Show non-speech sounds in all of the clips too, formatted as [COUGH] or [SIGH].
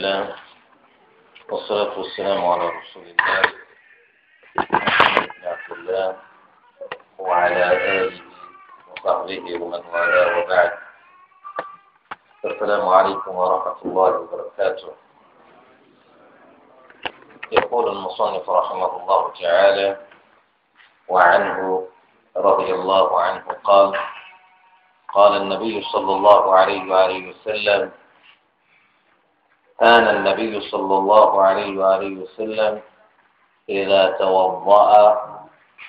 الله والصلاة والسلام على رسول الله محمد بن عبد الله وعلى آله وصحبه ومن والاه وبعد السلام عليكم ورحمة الله وبركاته يقول المصنف رحمه الله تعالى وعنه رضي الله عنه قال قال النبي صلى الله عليه وآله وسلم كان النبي صلى الله عليه وآله وسلم إذا توضأ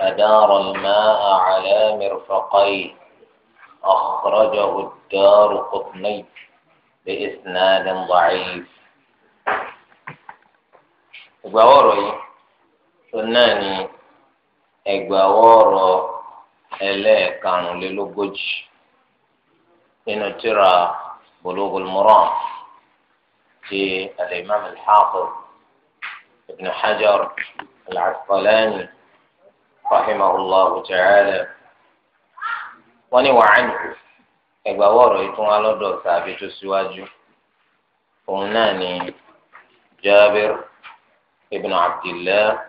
أدار الماء على مرفقيه أخرجه الدار قطني بإسناد ضعيف إبواري سناني إبواري ẹlẹ́ẹ̀karùnlélógójì nínú ترى بلوغ المرام في الإمام الحافظ ابن حجر العسقلاني رحمه الله تعالى ونوى عنه إبواره يتوى لدو ثابت سواجه قمناني جابر ابن عبد الله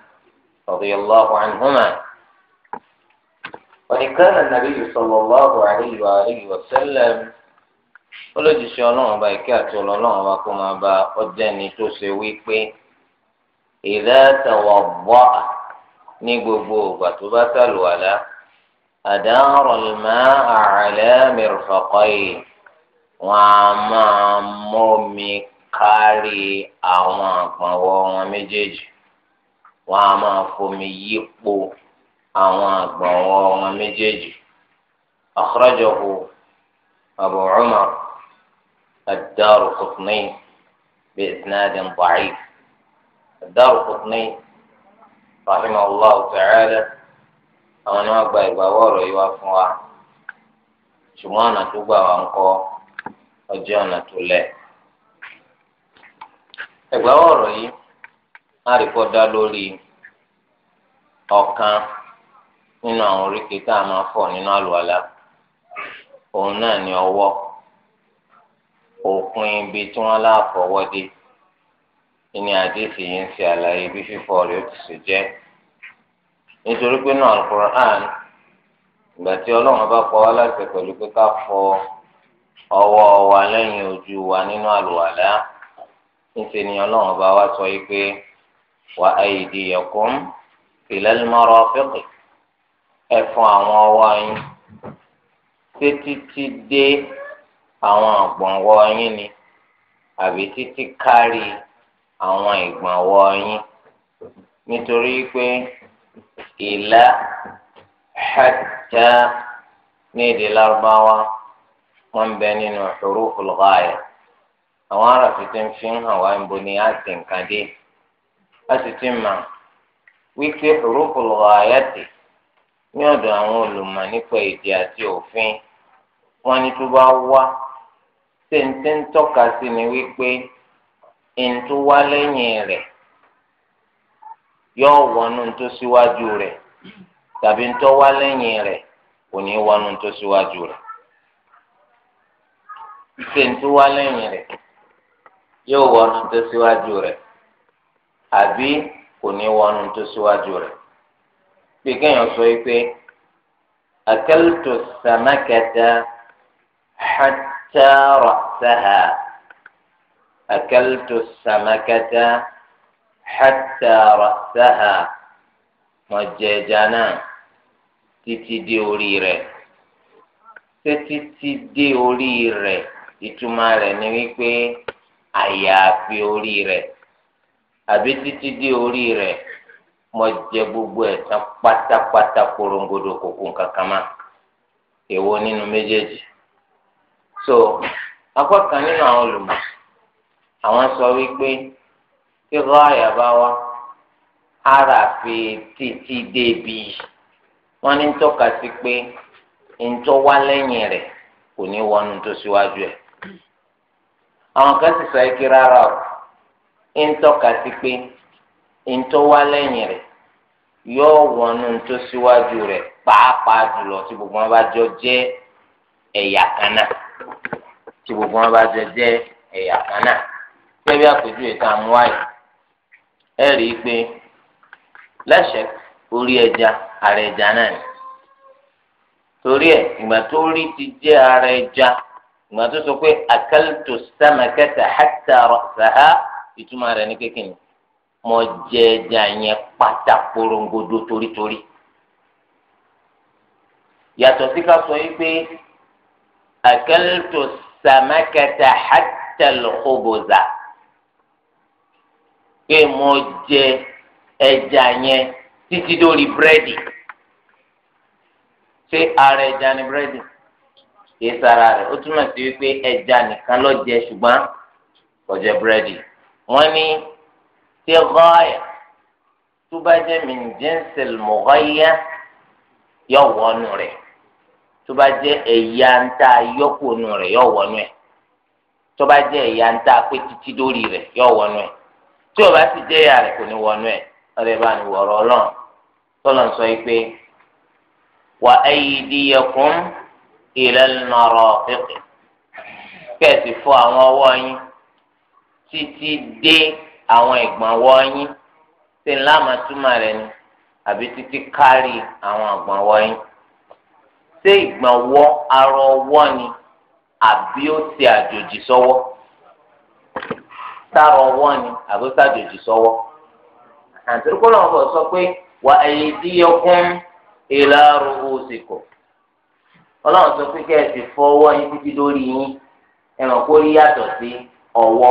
رضي الله عنهما وإن كان النبي صلى الله عليه وآله وسلم olójúṣe ọlọ́run ọba ìkẹ́ àti ọlọ́run ọba kó máa bá ọjọ́ ẹni tó ṣe wípé ìdá tàwọn bọ́ à ní gbogbo ìgbà tó bá sàlù àlá àdáhùrọ̀ lùmọ́ àrẹ̀lẹ́ mìrìfọ̀kọ́ yìí wọ́n á máa mọ́mi kárí àwọn àgbọ̀nwọ́ wọn méjèèjì wọ́n á máa fomi yípo àwọn àgbọ̀nwọ́ wọn méjèèjì akhrajahu Abu Umar. الدار قطني بإسناد ضعيف الدار قطني رحمه الله تعالى أنا ما بأبوار يوافوا شمانا توبا وانكو أجانا تولي ẹgbàá yìí má rí kó dá lórí ọ̀kan nínú àwọn oríkèé tá a máa fọ̀ nínú àlùwàlá òun náà ni ọwọ́. òpin ibi tí wọ́n láfọwọ́dé ìní àdéhìí yìí ń ṣe àlàyé bí fífọ́ rẹ̀ ó ti nítorí pé náà alukur'an ìgbà tí ọlọ́run bá pa wá láti pẹ̀lú pé ká fọ ọwọ́ wa lẹ́yìn ojú wa nínú àlùwàlá wá sọ yìí pé àwọn ọwọ́ yín títí dé. àwọn àgbọ̀nwọ́ yín ni àbí títí kárí àwọn ìgbọ̀nwọ́ yín nítorí pé ìlà hatta ní èdè lárúbáwá wọn bẹ nínú huruful ghaya àwọn aráàfin ti ń fi ń hàn wá níbo ni a nǹkan dé a sì ti mà wípé huruful ghaya ti ní ọ̀dọ̀ àwọn olùmọ̀ nípa èdè àti òfin wọn ni tó bá wá ṣe ń ti ń tọ́ka sí ni wípé ìǹtú wá lẹ́yìn rẹ̀ yóò wọnú tó síwájú rẹ̀ tàbí ń tọ́ wá lẹ́yìn rẹ̀ kò ní wọnú tó síwájú rẹ̀ ṣe ń tú wá lẹ́yìn rẹ̀ yóò wọnú tó síwájú rẹ̀ àbí kò ní wọnú tó síwájú rẹ̀ bí kéèyàn sọ pé akaltu samakata hàt. حتى رأسها أكلت السمكة حتى رأسها مجاجنا títí dé orí rẹ̀ ṣé títí dé orí rẹ̀ ìtumọ̀ rẹ̀ ni wípé àyàfi orí rẹ̀ àbí títí dé orí rẹ̀ mo jẹ gbogbo ẹ̀ tán pátápátá korongodo kòkó kankan má èwo nínú méjèèjì. so apá kan nínú àwọn olùmọ̀ àwọn sọ wípé tí ráàyà bá wá ara fi títí débi wọn ní tọ́ka sí pé ntọ́ wá lẹ́yìn rẹ̀ kò ní wọnú tó síwájú ẹ̀ àwọn kan sì sọ ike rárá o sí pé ntọ́ wá lẹ́yìn rẹ̀ yóò wọnú tó síwájú rẹ̀ pàápàá jùlọ gbogbo wọn jọ jẹ́ ẹ̀yà tí gbogbo wọn bá jẹ jẹ ẹ̀yà kan náà gẹ́gẹ́ àpèjú ìta àmúwáyé ẹ rí i pé lẹ́sẹ̀ orí ẹja ara ẹja náà ni torí ẹ ìgbà tó rí ti jẹ́ ara ẹja ìgbà tó sọ pé akaltu samakata hatta ra'saha ìtumọ̀ rẹ̀ ní kékeré mo jẹ ẹja yẹn pátá porongodo torítorí yàtọ̀ sí ká sọ yìí pé akaltu samakata sàmákàtà hàtàlùkùbùzà pé mo jẹ ẹja yẹn títí dórí búrẹ́dì ṣé ara ẹja ni búrẹ́dì kì í sara rẹ̀ ó túmọ̀ sí wípé ẹja nìkan ló jẹ ṣùgbọ́n kò jẹ búrẹ́dì wọ́n ní ṣé gọ́ọ̀yà tó bá jẹ́ mìǹjẹ́ńsẹ̀lì mọ̀gọ́yà yọ̀ wọ́nù rẹ̀ tó bá jẹ́ ẹ̀yà ń ta yọkùnù rẹ̀ yọ wọnú ẹ̀ tó bá jẹ́ ẹ̀yà ń ta pé títí dórí rẹ̀ yọ wọnú ẹ̀ tí ó bá sì jẹ́ ẹ̀yà rẹ̀ kò ní wọnú ẹ̀ ọ̀rẹ́ bá ní wọ̀rọ̀ ọlọ́run tọ́lọ̀ ń sọ yìí pé wà aydiyakum ilal marafiq kẹ́ẹ̀sì fọ àwọn ọwọ́ yín títí dé àwọn ìgbọ̀nwọ́ yín tí ńlá màtúmọ̀ rẹ̀ ni àbí títí kárí àwọn ìgbọ̀nwọ́ yín ṣé ìgbọ̀nwọ́ arọ ọwọ́ ni àbí ó ṣe àjòjì sọ́wọ́ sárọ ọwọ́ ni àbí ó ṣàjòjì sọ́wọ́ àtìrúkọ́ náà bọ̀ sọ pé wà ẹ̀yìn díyọkún ìlàrú òsìkò ọlọ́run sọ pé kẹ́ ẹ ti fọwọ́ yín títí lórí yín ẹ̀ràn kó rí yàtọ̀ sí ọwọ́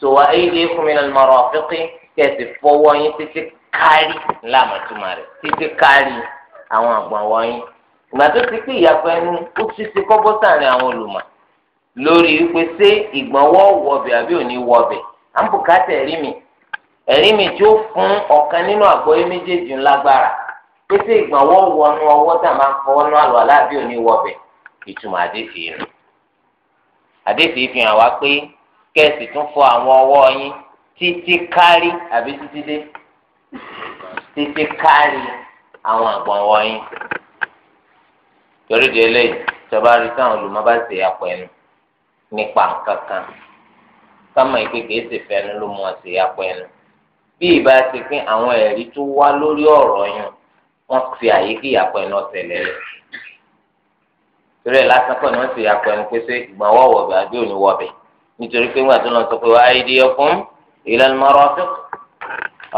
tó wà ẹ̀yìn díyẹ fún mi lọ́nà mọ̀rọ̀ ọ̀fíkì kẹ́ ẹ ti fọwọ́ yín títí kárí lámàtúmọ̀ rẹ̀ títí kárí àwọn àgbọ̀n wọ̀nyí. ìgbà tó ti pé ìyàpọ̀ ẹnu ó ti ti kọ́bọ́ sáàrin àwọn olùmọ̀ lórí wípé ṣé ìgbọ̀nwọ́ wọbẹ̀ àbí òní wọbẹ̀ à ń bùkátà ẹ̀rí mi ẹ̀rí mi tí ó fún ọ̀kan nínú àgbọ̀yé méjèèjì ńlágbára pé ṣé ìgbọ̀nwọ́ ọwọ́ tá fi hàn wá pé kẹ́ẹ̀sì tún fọ àwọn ọwọ́ yín títí kárí àbí títí dé títí kárí torí di eléyìí ìjọba rí táwọn olùmọ̀ bá ṣe apọ ẹnu nípa nǹkan kan kámọ ìkékè ṣe fẹnu ló mọ ṣe apọ ẹnu bí ìbá ṣe pín àwọn ẹ̀rí tó wá lórí ọ̀rọ̀ yẹn wọ́n fi àyè kí ìyàpọ ẹnu ọsẹ lẹlẹ torí ẹ lásán kọ́ ni wọ́n ṣe ìyàpọ ẹnu pé ṣé ìgbọ̀n wọ wọbẹ àbí òní wọbẹ nítorí pé wọn àti sọ pé wàá ìdí ẹkún ìlànà mọrọ ọtún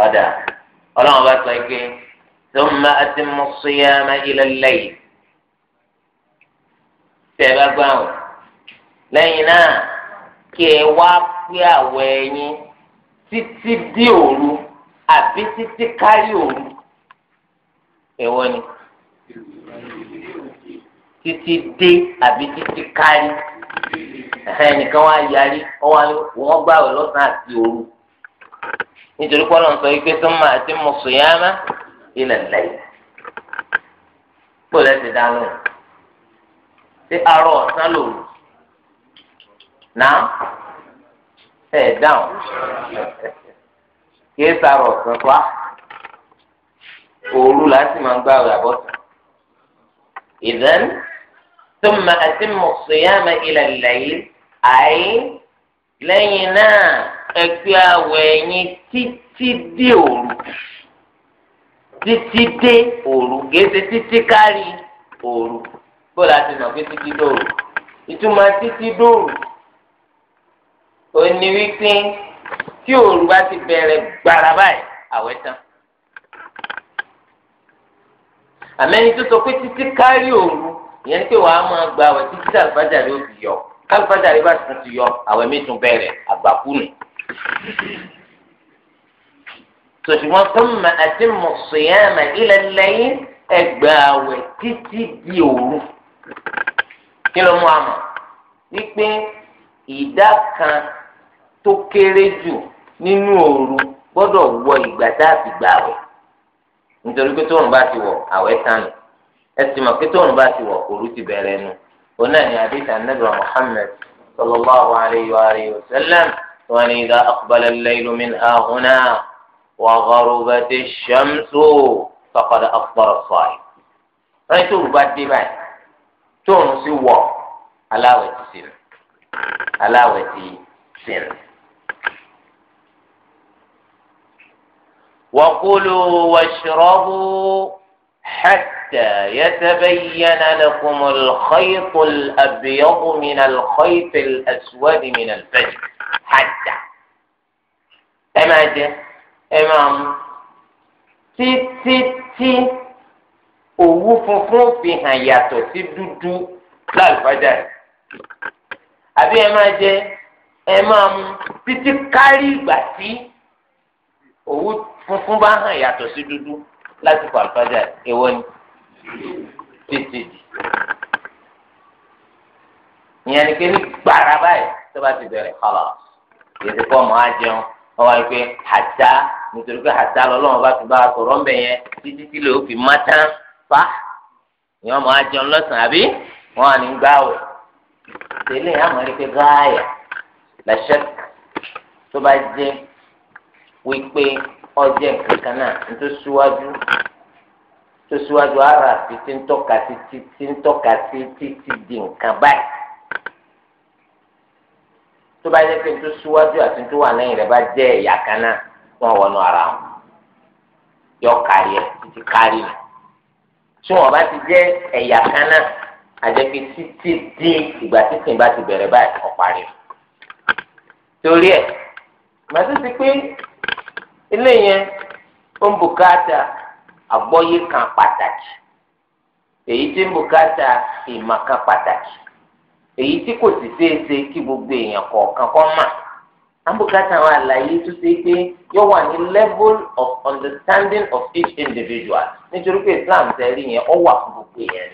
ọdà Ọlọ́run bá sọ pé tó máa ti mú síyámá ilẹ̀ lẹ́yìn. tẹ́ ẹ bá gbà wọ́n lẹ́yìn náà kí ẹ wá pé àwọ̀ títí dé òru àbí títí kárí òru ni títí dé àbí títí kárí ẹnìkan wá yarí wọ́n gbà wẹ̀ lọ́sàn àti òru nítorí sọ wípé ilẹ̀ lẹ́yìn dáhùn. ṣé arọ ọ̀sán lòun náà ẹ̀ dáhùn kìí sàrọ̀ ọ̀sán pa òru láti máa ń gbá ọ̀rẹ́ àbọ̀sán. ìdán ثم أتم الصيام إلى الليل أي lẹ́yìn náà ẹgbẹ́ àwọ̀ ẹ̀yìn títí dé òru títí dé òru gẹ́gẹ́ títí kárí òru kó láti mọ̀ pé títí dòrò ìtumọ̀ títí dòrò òní wípé tí òru bá ti bẹ̀rẹ̀ gbàrà báyìí àwẹ̀ tán àmẹ́ni tó sọ pé títí kárí òru ìyẹn pé wàá máa gba àwẹ̀ títí tí àlùfáàjà rẹ ó ti yọ kálífáàjà bá tún ti yọ àwẹ̀ mi tún bẹ̀rẹ̀ àgbàkúnù tòṣùwọ́n tó mọ àti mọ̀ṣẹ́yàmà ilẹ̀ lẹ́yìn ẹgbàá àwẹ̀ títí di òru kí ló mú a mọ̀ wípé ìdá kan tó kéré jù nínú òru gbọ́dọ̀ wọ ìgbà tá a fi gbà wẹ̀ nítorí pé tóun bá ti wọ̀ àwẹ̀ tánu ẹ sì mọ̀ pé tóun bá ti wọ̀ òru ti bẹ̀rẹ̀ nu òun náà ni àdéhùn anábìrán Muhammad sallallahu alayhi wa alayhi wa sallam wọn ni idha aqbala al-laylu min hahuna wa gharubati shamsu faqad afṭara as-sā'im. wọ́n tóun bá dé báyìí tóun sì wọ̀ aláwẹ̀ ti sìn aláwẹ̀ ti sìn. وكلوا واشربوا حتى يتبين لكم الخيط الأبيض من الخيط الأسود من الفجر حتى ẹ máa jẹ ẹ máa mu títí tí òwú funfun fi hàn yàtọ̀ sí dúdú lálùfájà yìí àbí ẹ máa jẹ ẹ máa mu títí kárí ìgbà tí òwú funfun bá hàn yàtọ̀ sí dúdú lásìkò àlùfájà yìí èwo ni títí di ìyẹn ni kéde gbàrà báyìí tó bá ti bẹ̀rẹ̀ kọlọ yètò pọ̀ mọ́ àjẹun wọ́n wá pé àjà nítorí pé àjà lọ́lọ́run bá ti bá a sọ̀rọ̀ ń bẹ̀ yẹn títí tí lè ó fi má tán fa ìyẹn ọmọ ajọ lọ́sàn-án àbí wọn à ní gbá wẹ̀ tẹ́lẹ̀ àmọ́ ẹni pé gáàyà làṣẹ tó bá jẹ́ wípé ọjẹ́ nǹkan kan náà ní tó síwájú tó síwájú ara àti tí ń tọ́ka sí tí ń tọ́ka sí títí di nǹkan báyìí tó bá jẹ́ pé tó síwájú àti tó wà lẹ́yìn rẹ̀ bá jẹ́ ẹ̀yà kan náà wọ́n wọnú ara wọn yọ kárí ẹ̀ títí kárí nù tí wọn bá ti jẹ́ ẹ̀yà kan náà àjẹpé títí dé ìgbà títì bá ti bẹ̀rẹ̀ báyìí ọparí torí ẹ̀ màtí ti pé ilé yẹn ó ń bùkátà àgbọ́yé kan pàtàkì èyí tí ń bùkátà ìmọ̀ kan pàtàkì èyí tí kò sì ṣeé ṣe kí gbogbo èèyàn kọ̀ọ̀kan kọ́ mà. Ambukata wa àlàyé tó ṣe pé yóò wà ní level of understanding of each individual nítorí pé Islam tẹ̀lé yẹn ọ wà fún gbogbo yẹn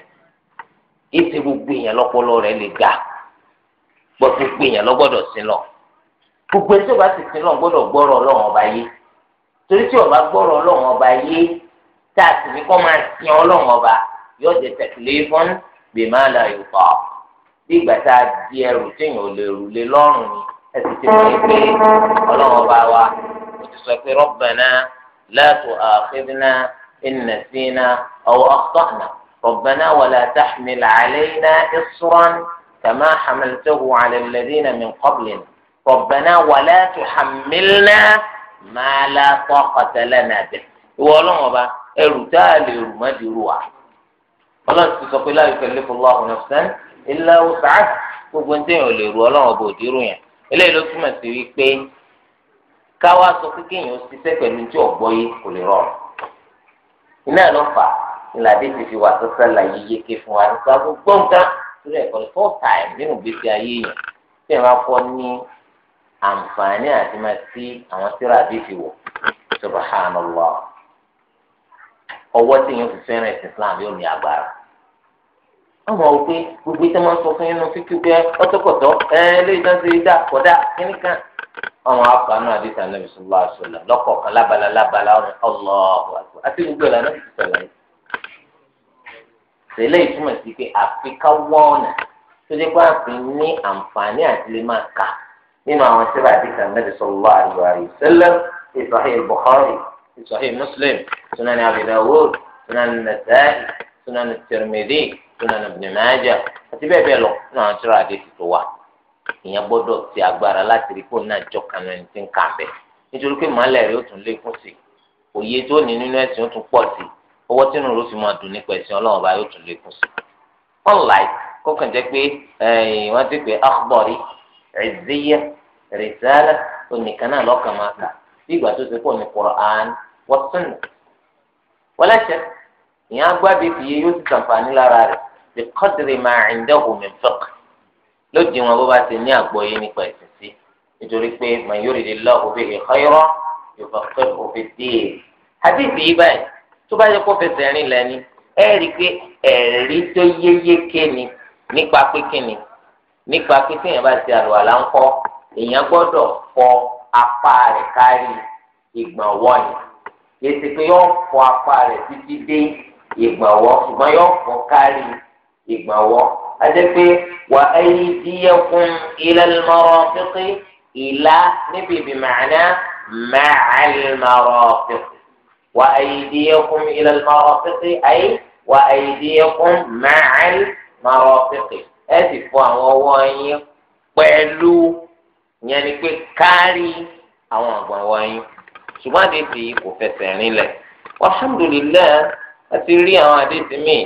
ètò e gbogbo yẹn lọ́pọlọ rẹ̀ lè ga gbọ́ gbogbo yẹn lọ́gbọ́dọ̀ sí lọ gbogbo ẹni tí o bá ti sin lọ́n gbọ́dọ̀ gbọ́rọ̀ Ọlọ́run ọba yé torí tí o bá gbọ́rọ̀ Ọlọ́run ọba yé tá a sì ní kọ́ máa sin Ọlọ́run ọba yóò jẹ tẹ̀lifọ́n gbèmọ́ àlàyé fọ́ bí ìgbà tá a di ẹrù téèyàn ò lè rù lé lọ́rùn ni ẹsì ti mọ̀ pé ọlọ́run bá wa ó ti sọ pé rabbana la tu'akhidhna in nasina aw akhta'na rabbana wala tahmil 'alayna isran kama hamaltahu 'ala alladhina min qablina rabbana wala tuhammilna ma la taqata lana bihi ìwọ ọlọ́run ọba ẹrù tá a lè rù má di rú wa ọlọ́run ti sọ pé la yukallifu Allahu nafsan illa wus'aha gbogbo ní eléyìí ló túmọ̀ sí wípé káwá sọ pé kéèyàn ó ṣiṣẹ́ pẹ̀lú tí ọ̀gbọ́ yìí kò lè rọrùn iná ló fà ìlàdé ti fi wà tó sálà yìí yéke fún wa nípa gbogbo nǹkan torí ẹ̀kọ́ ní four times nínú gbèsè ayé yẹn tí ẹ̀ máa fọ́ ní àǹfààní àti máa sí àwọn tíra àbí fi wọ̀ subhanallah ọwọ́ tí yẹn fi fẹ́ràn ẹ̀sìn Islam yóò ní agbára wọn mọ wípé gbogbo ìtẹ́ máa ń sọ fún inú fífi pé ọtọkọtọ ẹ lóyún náà ṣe dá kọdá kíníkan àwọn afanu àdìsí anabi sọlá àṣọlá lọkọọkan lábala lábala ọrùn ọlọọbù àti àti gbogbo ìlànà ti sọlá yìí. tẹ́lẹ̀ ìtumọ̀ sí pé àfikà wọ́ọ̀nà tó dé pé àfin ní àǹfààní àti lè máa kà nínú àwọn sẹ́fà àdìsí anabi sọlá àṣọlá ìsọ̀hìn bukhari ìsọ̀hìn muslim sunan abi dawud sunan nasa'i sunan tirmidhi sunan ibn majah àti bẹ́ẹ̀ bẹ́ẹ̀ lọ náà tíra àdéhùn tó wà ìyẹn gbọ́dọ̀ ti agbára láti rí kó náà jọ kanu ẹni tí ń kà bẹ́ẹ̀ nítorí pé màálẹ̀ rẹ̀ ó tún lékún sí òye tó ní nínú ẹ̀sìn ó tún pọ̀ sí owó tínú ló fi máa dùn nípa ẹ̀sìn ọlọ́run bá yóò tún lékún sí. unlike kó kàn jẹ́ pé wọ́n ti pè akhbari izziya risala onìkan náà lọ́kàn máa kà bí ìgbà tó ti pọ̀ ní Qur'an wa sunnah wọ́n lẹ́sẹ̀ ìyẹn agbábi fìyẹ yóò ti sàǹfààní lára rẹ̀ bí kọ́dìrì máa ń dẹ́kun mi fẹ́k lódì wọn bó bá ti ní àgbọ́yé nípa ẹ̀sìn sí nítorí pé màá yóò rèé lọ́wọ́ bí ìkọ́yọ́rọ́ yóò fẹ́ òfin díè àdìsí yìí báyìí tó bá yẹ kó fẹsẹ̀ rìn lẹ́ni ẹ rí i pé ẹ̀rí tó yéyéké ni nípa pé kíni nípa pé téèyàn bá ti àlùwàlá ń èèyàn gbọ́dọ̀ fọ apá rẹ̀ kárí ìgbọ̀nwọ́ ni yẹtí pé yóò fọ apá rẹ̀ títí dé ìgbọ̀nwọ́ ṣùgbọ́n yóò fọ kárí ìgbọ̀nwọ́ ìgbàwọ́ àti pé wà á yí díẹ̀kùn ilẹ̀ lọ́rọ̀ pípé ìlà níbi ìbìmọ̀ọ́nà máa lọ́rọ̀ pípé wà á yí díẹ̀kùn ilẹ̀ lọ́rọ̀ pípé ayé wà á yí díẹ̀kùn máa lọ́rọ̀ ẹ sì fọ àwọn ọwọ́ yín pẹ̀lú yẹn pé kárí àwọn ọ̀gbọ̀n wọ̀nyí ṣùgbọ́n àdéhùn yìí kò fẹsẹ̀ rinlẹ̀ wàhálùlélẹ́ àti rí àwọn àdéhùn míì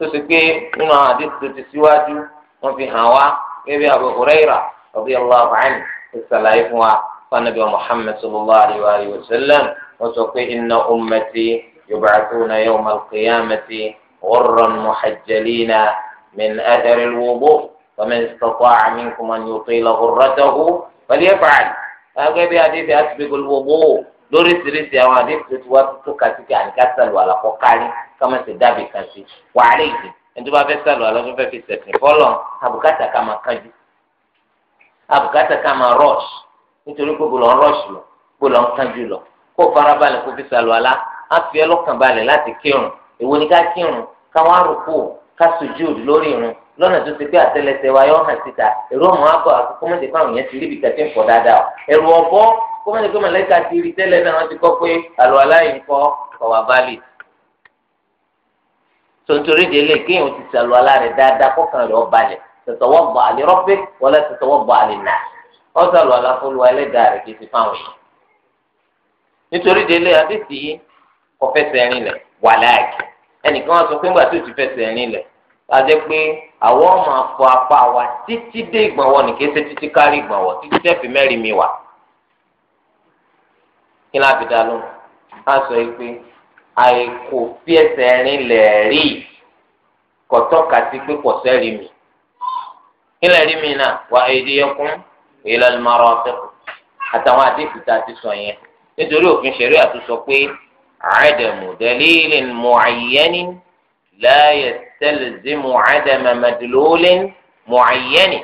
tó ti pé nínú àwọn àdéhùn tó ti síwájú wọn fi hàn wá bẹ́ẹ̀ bí Abu Hurairah radiyallahu anhu ti sàlàyé fún wa fanabi Muhammad sallallahu alayhi wa sallam wọn sọ pé inna ummati yub'athuna yawma al-qiyamati ghurran muhajjalina min athari al-wudu faman istata'a minkum an yutila ghurratahu falyaf'al. هذا بحديث أسبق الوضوء lóríṣiríṣi àwọn àdéhùn tó ti wá tó kàtí kí àyíká sàlù àlàkọ kárí ká má ṣe dábì kan sí wàhálà ìgbì ẹni tó bá fẹ́ sàlù àlọ́tún fẹ́ fi sẹ̀sìn fọ́lọ̀ àbùkátà ká máa kájú àbùkátà ká máa rọ́ọ̀ṣì nítorí pé bọ́lọ̀ ń rọ́ọ̀ṣì lọ bọ́lọ̀ ń kájú lọ kó farabalẹ̀ kó fi sàlù àlá á fi ẹlọ́kàn láti kírun èwo ni ká kírun ká wá rúkú ká sùjúdù lórí irun lọ́nà tó ti pé àtẹlẹsẹ̀ wa yọ̀ hàn síta ẹ̀rọ ọmọ abọ́ àti kọ́mọ́tì fáwọn yẹn ti rí ibi kẹtí ń fọ̀ dáadáa ẹ̀rù ọ̀bọ kọ́mọ́tì pé mọ̀lẹ́kà ti rí tẹ́lẹ̀ náà wọ́n ti kọ́ pé àlọ́ aláìní kọ́ kọ̀wá bálì. tontorí délé kéèyàn ti sàlù aláàrẹ̀ dáadáa kọ́kàn rẹ̀ ọ̀balẹ̀ tẹ̀sọ̀wọ́ gbọ́ àlè rọ́pẹ́ wọlé tẹ̀sọ̀wọ́ gbọ́ àlè nà ọ́ sàlù aláfọlùwà ẹlẹ́dàá rẹ̀ kì ẹnìkan wọn sọ pé ńgbà tó ti fẹsẹ̀ rin lẹ̀ adé pé àwọn ọmọ afọ apá wa títí dé ìgbọ̀nwọ́ ní kése títí kárí ìgbọ̀nwọ́ títí tẹ̀fí mẹ́rin mi wà. kí láti dá lóhùn á sọ yìí pé àìkò fi ẹsẹ̀ rin lẹ̀ kọ̀tọ́ka sí pé kò sẹ́rí mi. kí lẹ̀ mi náà wà èdè ẹkún èyí lọ́nu máa àtàwọn ti sọ yẹn nítorí òfin ṣẹ̀rí àtúnṣọ pé àádẹ́mù dẹ́lílìn tẹlẹsìmù àdàmà màdìlólé mọ̀ọ́yẹ́nì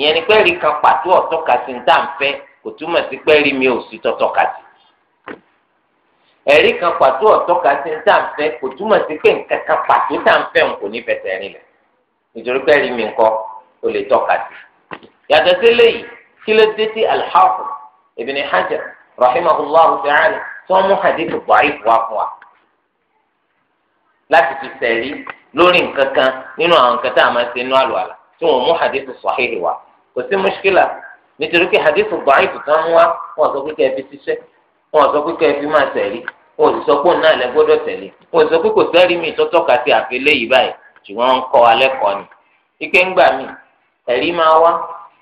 ìyẹn ni pẹ́ẹ́rì kan pàtó ọ̀tọ́ka sí ní tàǹfẹ́ kò túmọ̀ sí pẹ́ẹ́rì mi ò sí tọ́tọ́ka sí ẹ̀rí kan pàtó ọ̀tọ́ka sí ní tàǹfẹ́ kò túmọ̀ sí pé nǹkan kan pàtó tàǹfẹ́ òun kò ní fẹsẹ̀ rìn lẹ̀ nítorí pẹ́ẹ́rì mi ńkọ́ ó lè tọ́ka sí yàtọ̀ sí léyìí kí ló dé sí al-Hafiz Ibn Hajar rahimahullahu ta'ala tí wọ́n mú hadith bọ̀ àìfọ̀ wá fún wa. láti fi sẹ̀rí lórí nǹkan kan nínú àwọn nǹkan tá a máa ń ṣe inú àlùwàlà tí wọ́n mú hadithu wa kò sí mushkila nítorí pé hadithu da'if kan mú wọ́n sọ pé kẹ́ ṣiṣẹ́ sọ pé máa sẹ̀rí sì sọ pé òun náà lẹ gbọ́dọ̀ tẹ̀lé alẹ́ kọ́ ni ike ń gbà mí wá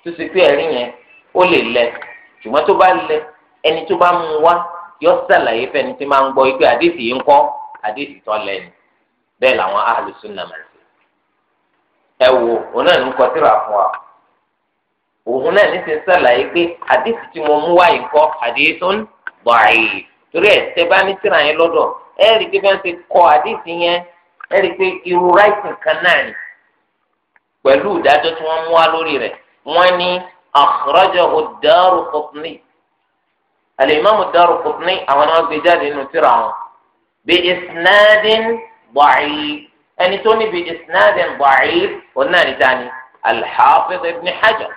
yẹn ó lè lẹ ṣùgbọ́n tó bá lẹ bẹ́ẹ̀ làwọn ahlu sunna máa ń ṣe. ẹ wo òun náà ń kọ síra fún wa òun náà ní ti ń sàlàyé pé àdìsí tí mo mú wáyé kọ àdìsí tó ń bọ̀ àyè torí ẹ̀ tẹ́ bá ní síra yẹn lọ́dọ̀ ẹ rí i pé bá ń ṣe kọ àdìsí yẹn ẹ rí i pé irú ráìsìn kan náà ni pẹ̀lú ìdájọ́ tí wọ́n mú wá lórí rẹ̀ wọ́n ní akhrajahu ad-Daraqutni al-Imam ad-Daraqutni àwọn ni wọ́n gbé wọn bi isnadin. ضعيف ẹni tó níbi isnadin ضعيف òun náà ní dání al-Hafiz ibn Hajar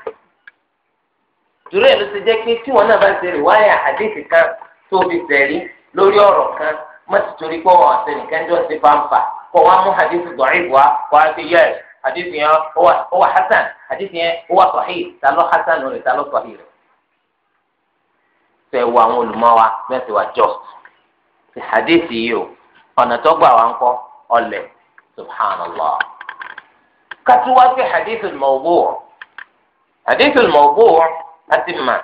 dúró ẹ̀ ló ti jẹ́ pé tí wọn náà bá ṣe rìwáyà àdéhìí kan tó fi sẹ̀rí lórí ọ̀rọ̀ kan má ti torí pé wọn àti nìkan jọ ṣe fanfa kó wọn mú àdéhìí ضعيف wá kó a ti yẹ ẹ àdéhìí yẹn ó wà hasan àdéhìí yẹn ó wà sahih ta ló hasan rẹ̀ ta ló sahih rẹ̀ fẹ́ wo àwọn olùmọ̀ wa mẹ́sẹ̀ wa just ti àdéhìí yìí o. ọ̀nà tó gbà wá ń kọ́ ọlẹ̀ subhanallah. kátúwá sí hadithul mawdu' hadithul mawdu' láti mà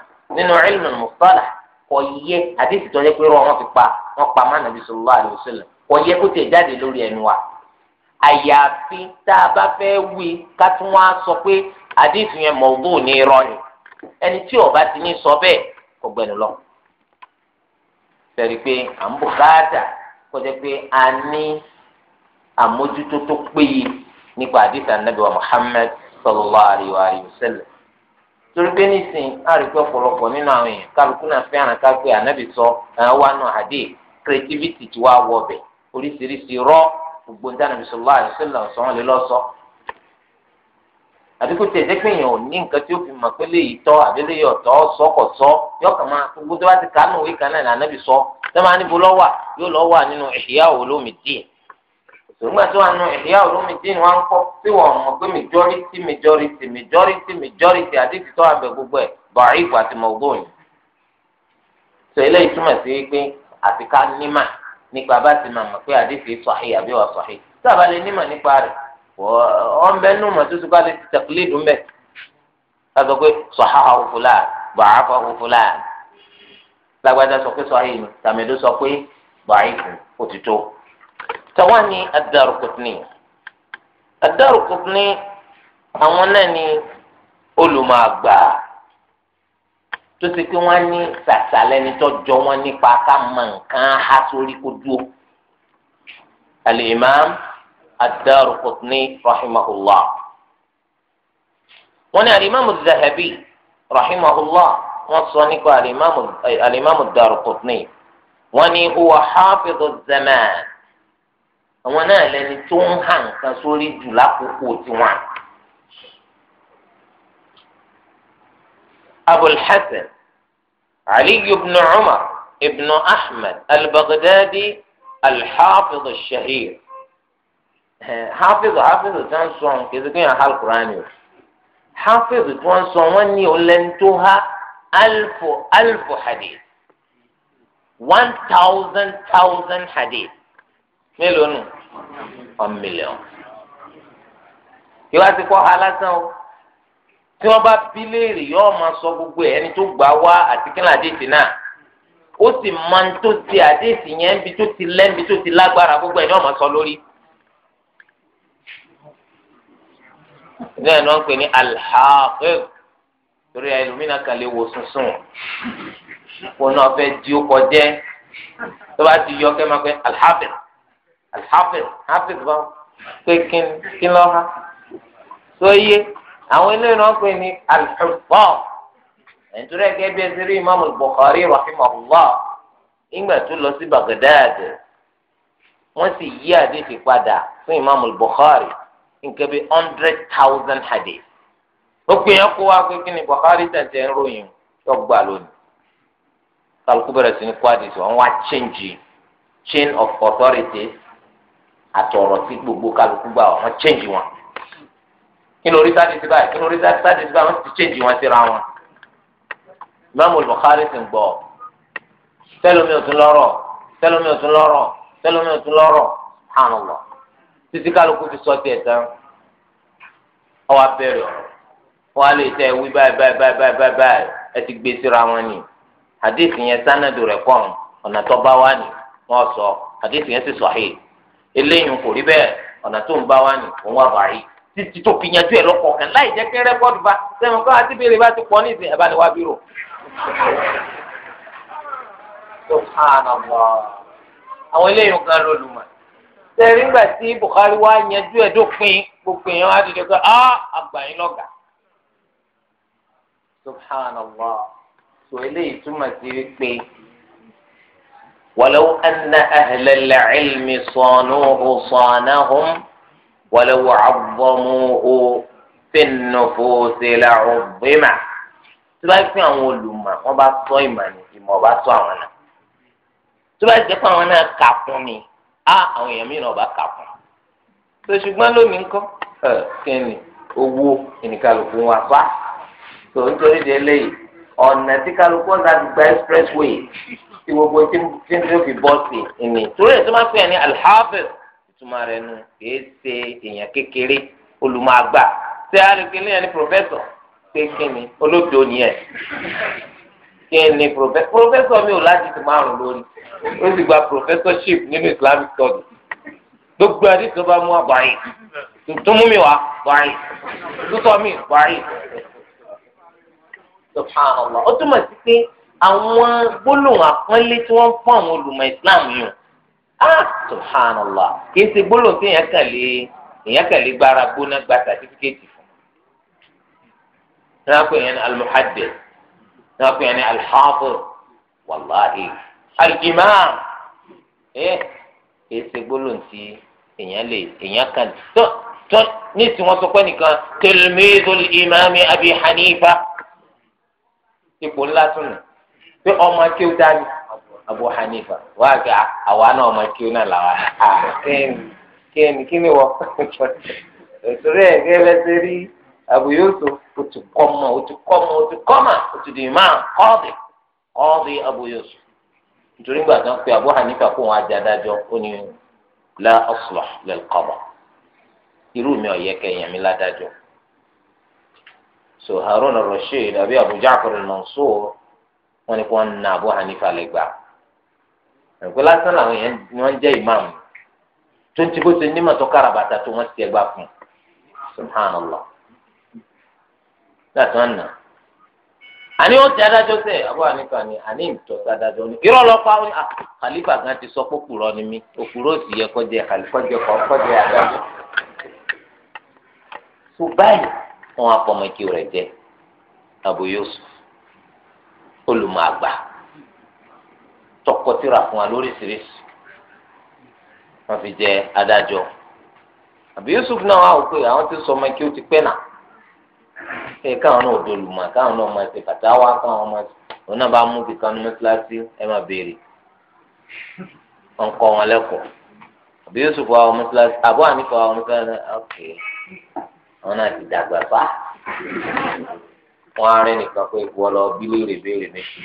ilmu mustalah kò yẹ hadith tó yẹ pé rọ fi pa pa sallallahu alaihi wasallam wa. a sọ pe hadith ni ti sọ kọjá pé a ní àmójútó tó péye nípa àdìsá nàbẹ wa Muhammad sallallahu alayhi wa alayhi wa sallam torí pé nísìn àrùkọ ọ̀pọ̀lọpọ̀ nínú àwọn èèyàn kálukú náà fẹ́ràn ká pé ànábì sọ àwọn wà nù àdé creativity ti wá wọ ọbẹ̀ oríṣiríṣi rọ gbogbo ní ànábì sallallahu lè lọ sọ àti kò tẹ̀ jẹ́ pé èèyàn ò ní nǹkan tí ó fi mọ̀ pé léyìí tọ́ àbí léyìí ọ̀tọ́ sọ́kọ̀sọ́ yọkàn máa gbogbo tó ti kan náà sọ tẹ́ máa níbo lọ́wà yóò lọ́ wà nínú wà nínú Ihya Ulumuddin wọn ń tí pé majority majority majority majority àdìsí gbogbo ẹ̀ sọ eléyìí túmọ̀ sí pé nímà nípa bá ti mọ̀ pé àdìsí sahih wọn bẹ nù mọ tuntun ká lè ti tẹkulé dùn bẹ ká sọ pé sọháhà òfúlà bàáfà òfúlà lágbájá sọ pé sọhìn tàmídó sọ pé bàáìkù òtítọ́ tàwọn ni ad-Daraqutni ad-Daraqutni àwọn náà ni olùmọ̀àgbà tó ti pé wọn ní sàṣàlẹ́ni tó jọ wọn nípa ká mọ nǹkan á sórí kó dúró al الدار قطني رحمه الله وانا الإمام الذهبي رحمه الله وصنك الإمام الإمام الدار قطني واني هو حافظ الزمان وانا لن تنهان كسوري تو قوتوان أبو الحسن علي بن عمر ابن أحمد البغدادي الحافظ الشهير hafizu eh, hafizu tí wọ́n sọ kìí kí wọ́n hal kurani o hafizu tí wọ́n sọ wọ́n ní olento ha alfu alfu hadith one thousand thousand hadith mélòó nù one million yóò wá sí kọ́ ha lásán o tí wọ́n bá bí léèrè yóò máa sọ gbogbo ẹni tó gbà wá àti kí ní àdéhìí náà ó sì máa ń tó ti àdéhìí yẹn bí tó ti lẹ́ńbi tó ti lágbára gbogbo ẹ̀ ní ọ̀mọ̀ sọ lórí. ní ẹni wọn pè ní alhaqib torí ẹlòmínà kan lè wo sunsun kó náà fẹ́ di ó kọjẹ́ tó bá ti yọ kẹ́ máa pẹ́ alhafiz alhafiz hafiz báwo pé kí ni lọ́ ha tó yé àwọn eléyìí wọn pè ní alhufọ́ nítorí ẹ̀kẹ́ bí ẹsẹ̀ rí imaamu bukhari rahimahullah ìgbà tó lọ sí baghdad wọ́n sì yí àdéhìí padà fún imaamu bukhari nǹkan bíi hundred thousand hadith gbogbo yẹn kó wa pé kí ni Bukhari tẹ̀sẹ̀ ń ròyìn tó gbà lónìí kálukú bẹ̀rẹ̀ sí ní kó hadith wọn wá change chain of authority àtọ̀rọ̀ tí gbogbo kálukú gbà wọn change wọn kí lórí sáàdì ti báyìí kí lórí sáàdì ti báyìí wọn ti change wọn síra wọn Imamul Bukhari ti ń gbọ́ tẹ́lómi ò tún lọ́rọ̀ tẹ́lómi ò tún lọ́rọ̀ tẹ́lómi ò tún lọ́rọ̀ hàn lọ́rọ̀ títí kálukú fi sọ tiẹ̀ tán ọwọ́ abẹ́rẹ́ ọ̀rọ̀ wọ́n á lè tẹ ewì báyìí báyìí báyìí báyìí báyìí ẹ ti gbé síra wọn ni hadith yẹn sanadu rẹ̀ pọ̀ ọ̀nà tó bá wà ní wọ́n sọ hadith yẹn sì sahih eléyìí kò rí bẹ́ẹ̀ ọ̀nà tó ń bá wà ní òun wà báyìí títí tó fi yanjú ẹ̀ lọ́kọ̀ọ́ kan láì jẹ́ kí rẹ́kọ́dù bá sẹ́wọ̀n kọ́ àti béèrè bá ti pọ̀ ní ìsìn ẹ̀ bá ní wá bírò. subhanallah àwọn eléyìí kan ló lùmọ̀ sẹ́rí ńgbà tí Bukhari wá yanjú ẹ̀ dópin gbogbo èèyàn á dìde pé á ah, àgbà yín lọ́gà. subhanallah sọ eléyìí túmọ̀ sí wípé wàlẹ́wò ẹnna ahlẹ̀lẹ̀ ẹ̀lmi sọ̀nùhù sọ̀nàhùn wàlẹ́wò àbọ̀mùhù fìnnùfòsílà ọ̀bìmà. tí wàá fi àwọn olùmọ̀ wọ́n bá sọ ìmọ̀ ìmọ̀ bá sọ àwọn náà tí wàá jẹ́ pé àwọn náà kà fún mi á àwọn èèyàn mìíràn ọba kà fún un ṣùgbọ́n lónìí ńkọ́ ẹ kẹ́ni owó ìníkàlùkù wọn apá tó ń torí de eléyìí ọ̀nà tí kálukú ọ̀sán ti gba expressway tí gbogbo tí ń tó fi bọ́ sí ìní torí ẹ̀ tó máa ń pè é ní alhafiz ìtumọ̀ rẹ̀ nu kìí ṣe èèyàn kékeré olùmọ̀ àgbà ṣé àrègbè lẹ́yìn ní pòfẹ́sọ̀ pé kí ni olóòtú ò ní ẹ̀ kí ni professor professor mi ò láti ti márùn lórí ó sì gba professorship nínú islamic studies gbogbo àdìs tó bá mú wa báyìí tuntun mú mi wá báyìí tuntun mi báyìí subhanallah ó túmọ̀ sí pé àwọn gbólóhùn àpọ́nlé tí wọ́n fún àwọn olùmọ̀ islam yìí ah subhanallah kì í ṣe gbólóhùn tí èèyàn kàn lè èèyàn kàn lè gbára gbóná gba sàtífíkẹ́tì fún un. ní wọ́n pè yẹn ní al-muhaddith ní wọn pè é ní alḥaafir wàláhì alìmáàm ẹ èsì gbólóhùn tí èèyàn lè èèyàn kan tó tó ní tí wọn sọ pé nìkan tilmidul ìmáàmì abi hanifa ipò ńlá tún nù pé ọmọ akéwù dání abu hanifa wàá gà àwa náà ọmọ akéwù náà làwa kéènì ah, kéènì kí ni wọ ètò [LAUGHS] rẹ gẹ́gẹ́ bẹ́ẹ̀ ṣe rí. Abu Yusuf ó ti kọ́ mọ́ ti kọ́ mọ́ ti ti di imam kọ́ọ̀dì Abu Yusuf nítorí gbà tán pé Abu Hanifa kó wọn ajá dájọ́ ó ní la aslah lil qada irú mi ò yẹ kẹyìn mi so Harun al-Rashid àbí Abu Ja'far al-Mansur wọn ni kí wọn na Abu Hanifa lè gbà ẹ̀kọ́ lásán làwọn èèyàn ni imam tó ti bó ti ní mọ̀tò kárabàtà tó ti gbàtọ́ nà àní ó ti adájọ́ sẹ àbọ àníkà ni àní ìtọ́sí adájọ́ ni irọ́ lọ pa á ah, kàlífà gan ti sọ pé òpùrọ́ ni mí òpùrọ́ sì yẹ kọjá kàlífọ́jẹ kọjá adájọ́ tó báyìí wọn afọmọkí rẹ jẹ Abu Yusuf olùmọ̀ àgbà tọkọtìrà fún wa lóríṣiríṣi wọn fi jẹ adájọ́ Abu Yusuf náà wà ó pé àwọn ti sọ ọmọ kí ó ti pẹ́ náà ẹ káwọn náà dolùmọ̀ káwọn náà máa ṣe fàtàwà káwọn máa ṣe òun náà bá mú kíkan ní mọ́tíláṣí ẹ máa béèrè wọn kọ́ wọn lẹ́kọ̀ọ́ àbí yóò sùpọ̀ àwọn mọ́tíláṣí àbọ̀ àníkọ̀ àwọn mọ́tíláṣí ok wọn náà ti dàgbà pa wọn arìn nìkan pé ìwọ lọ bí léèrè béèrè méjì.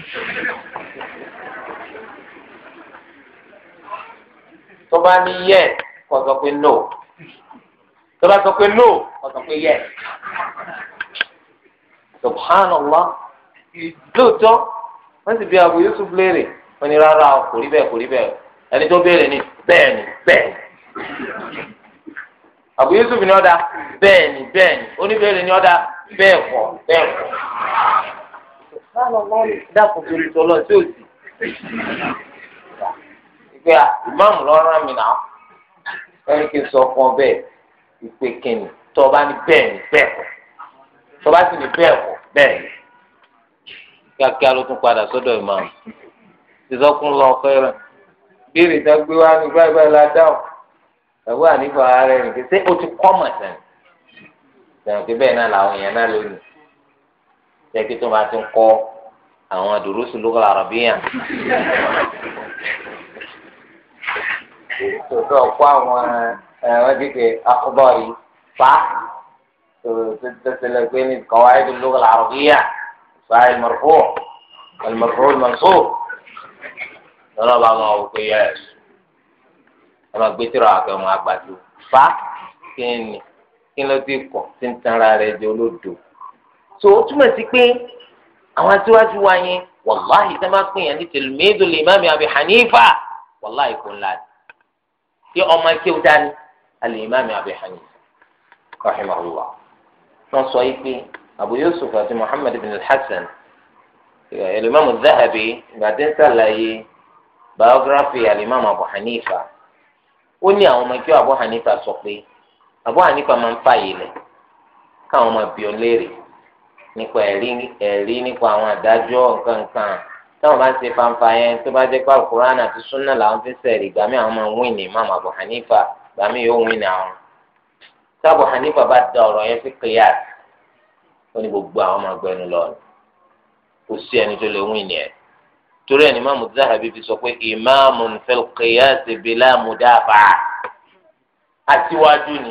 tó bá ní yẹ kó sọ pé no tó bá sọ pé no kó sọ pé yẹ subhanallah lóòótọ́ wọ́n sì bí Abu Yusuf léèrè wọ́n ní rárá o kò rí bẹ́ẹ̀ kò rí bẹ́ẹ̀ ẹni tó béèrè ni bẹ́ẹ̀ ni bẹ́ẹ̀ ni Abu Yusuf ni ọ̀dà bẹ́ẹ̀ ni bẹ́ẹ̀ ni oníbèrè ni ọ̀dà bẹ́ẹ̀ kọ́ bẹ́ẹ̀ kọ́ subhanallah dàpọ̀ torí tọ́lọ́ sí òsì ìpè à ah, ìmáàmù lọ́rọ̀ mi nà ẹni kì í sọ fún ọ bẹ́ẹ̀ ìpè kìnnì tọ́ ọ bẹ́ẹ̀ ni bẹ́ẹ̀ kọ́ tó bá sì ní bẹ́ẹ̀ kọ́ bẹ́ẹ̀ ni kíákíá ló tún padà sọ́dọ̀ ìmáàmù ìsọkún lọ ọkọ rẹ bí ìrìnsà gbé wá ní báyìí báyìí la dáhùn ẹ̀wọ́ ànífọ̀ ara rẹ̀ nìkan ṣé o ti kọ́ mọ̀ sẹ́ni sẹ́ni pé bẹ́ẹ̀ náà làwọn èèyàn náà lónìí sẹ́kí tó máa ti ń kọ́ àwọn àdúrósù ló kọ́ àrọ̀bíyàn tòótọ́ kọ́ àwọn ẹ̀wọ́n ti pè akọ́bọ̀ yìí pa. ستة ثلاثين قواعد اللغة العربية فاعل مرفوع المرفوع المنصوب ترى بعض القياس أنا بيترى كم أقبل فا كين كين لو تيكو سنتنا سو تما سكين أما توا جواني والله تما سكين يعني تلميذ الإمام أبي حنيفة والله يكون لاد في أمك يودان الإمام أبي حنيفة رحمه الله wọ́n sọ yìí pé Abu Yusuf àti Muhammad bin Hasan alimami Zahabi gbàdé biography alimami Abu Hanifa ó ní àwọn ọmọ ẹgbẹ́ Abu Hanifa sọ pé Abu Hanifa máa ń fààyè lẹ̀ káwọn ọmọ bíọ́ léèrè nípa ẹ̀rí nípa àwọn àdájọ́ nǹkankan táwọn bá ń ṣe fanfa yẹn tó bá jẹ́ pé Al-Qur'an àti sunna làwọn fi ń sẹ̀rí gbàmí àwọn máa ń Imam Abu Hanifa gbàmí yóò wí àwọn sábò hanifa bá da ọ̀rọ̀ yẹn sí kíyàs ó ní gbogbo àwọn ọmọ agbẹnu lọ ni kò sí ẹni tó lè wí ni ẹ torí ẹni máàmù Zahabi fi sọ pé ìmáàmù fil kíyàs bílá mudafa aṣíwájú ni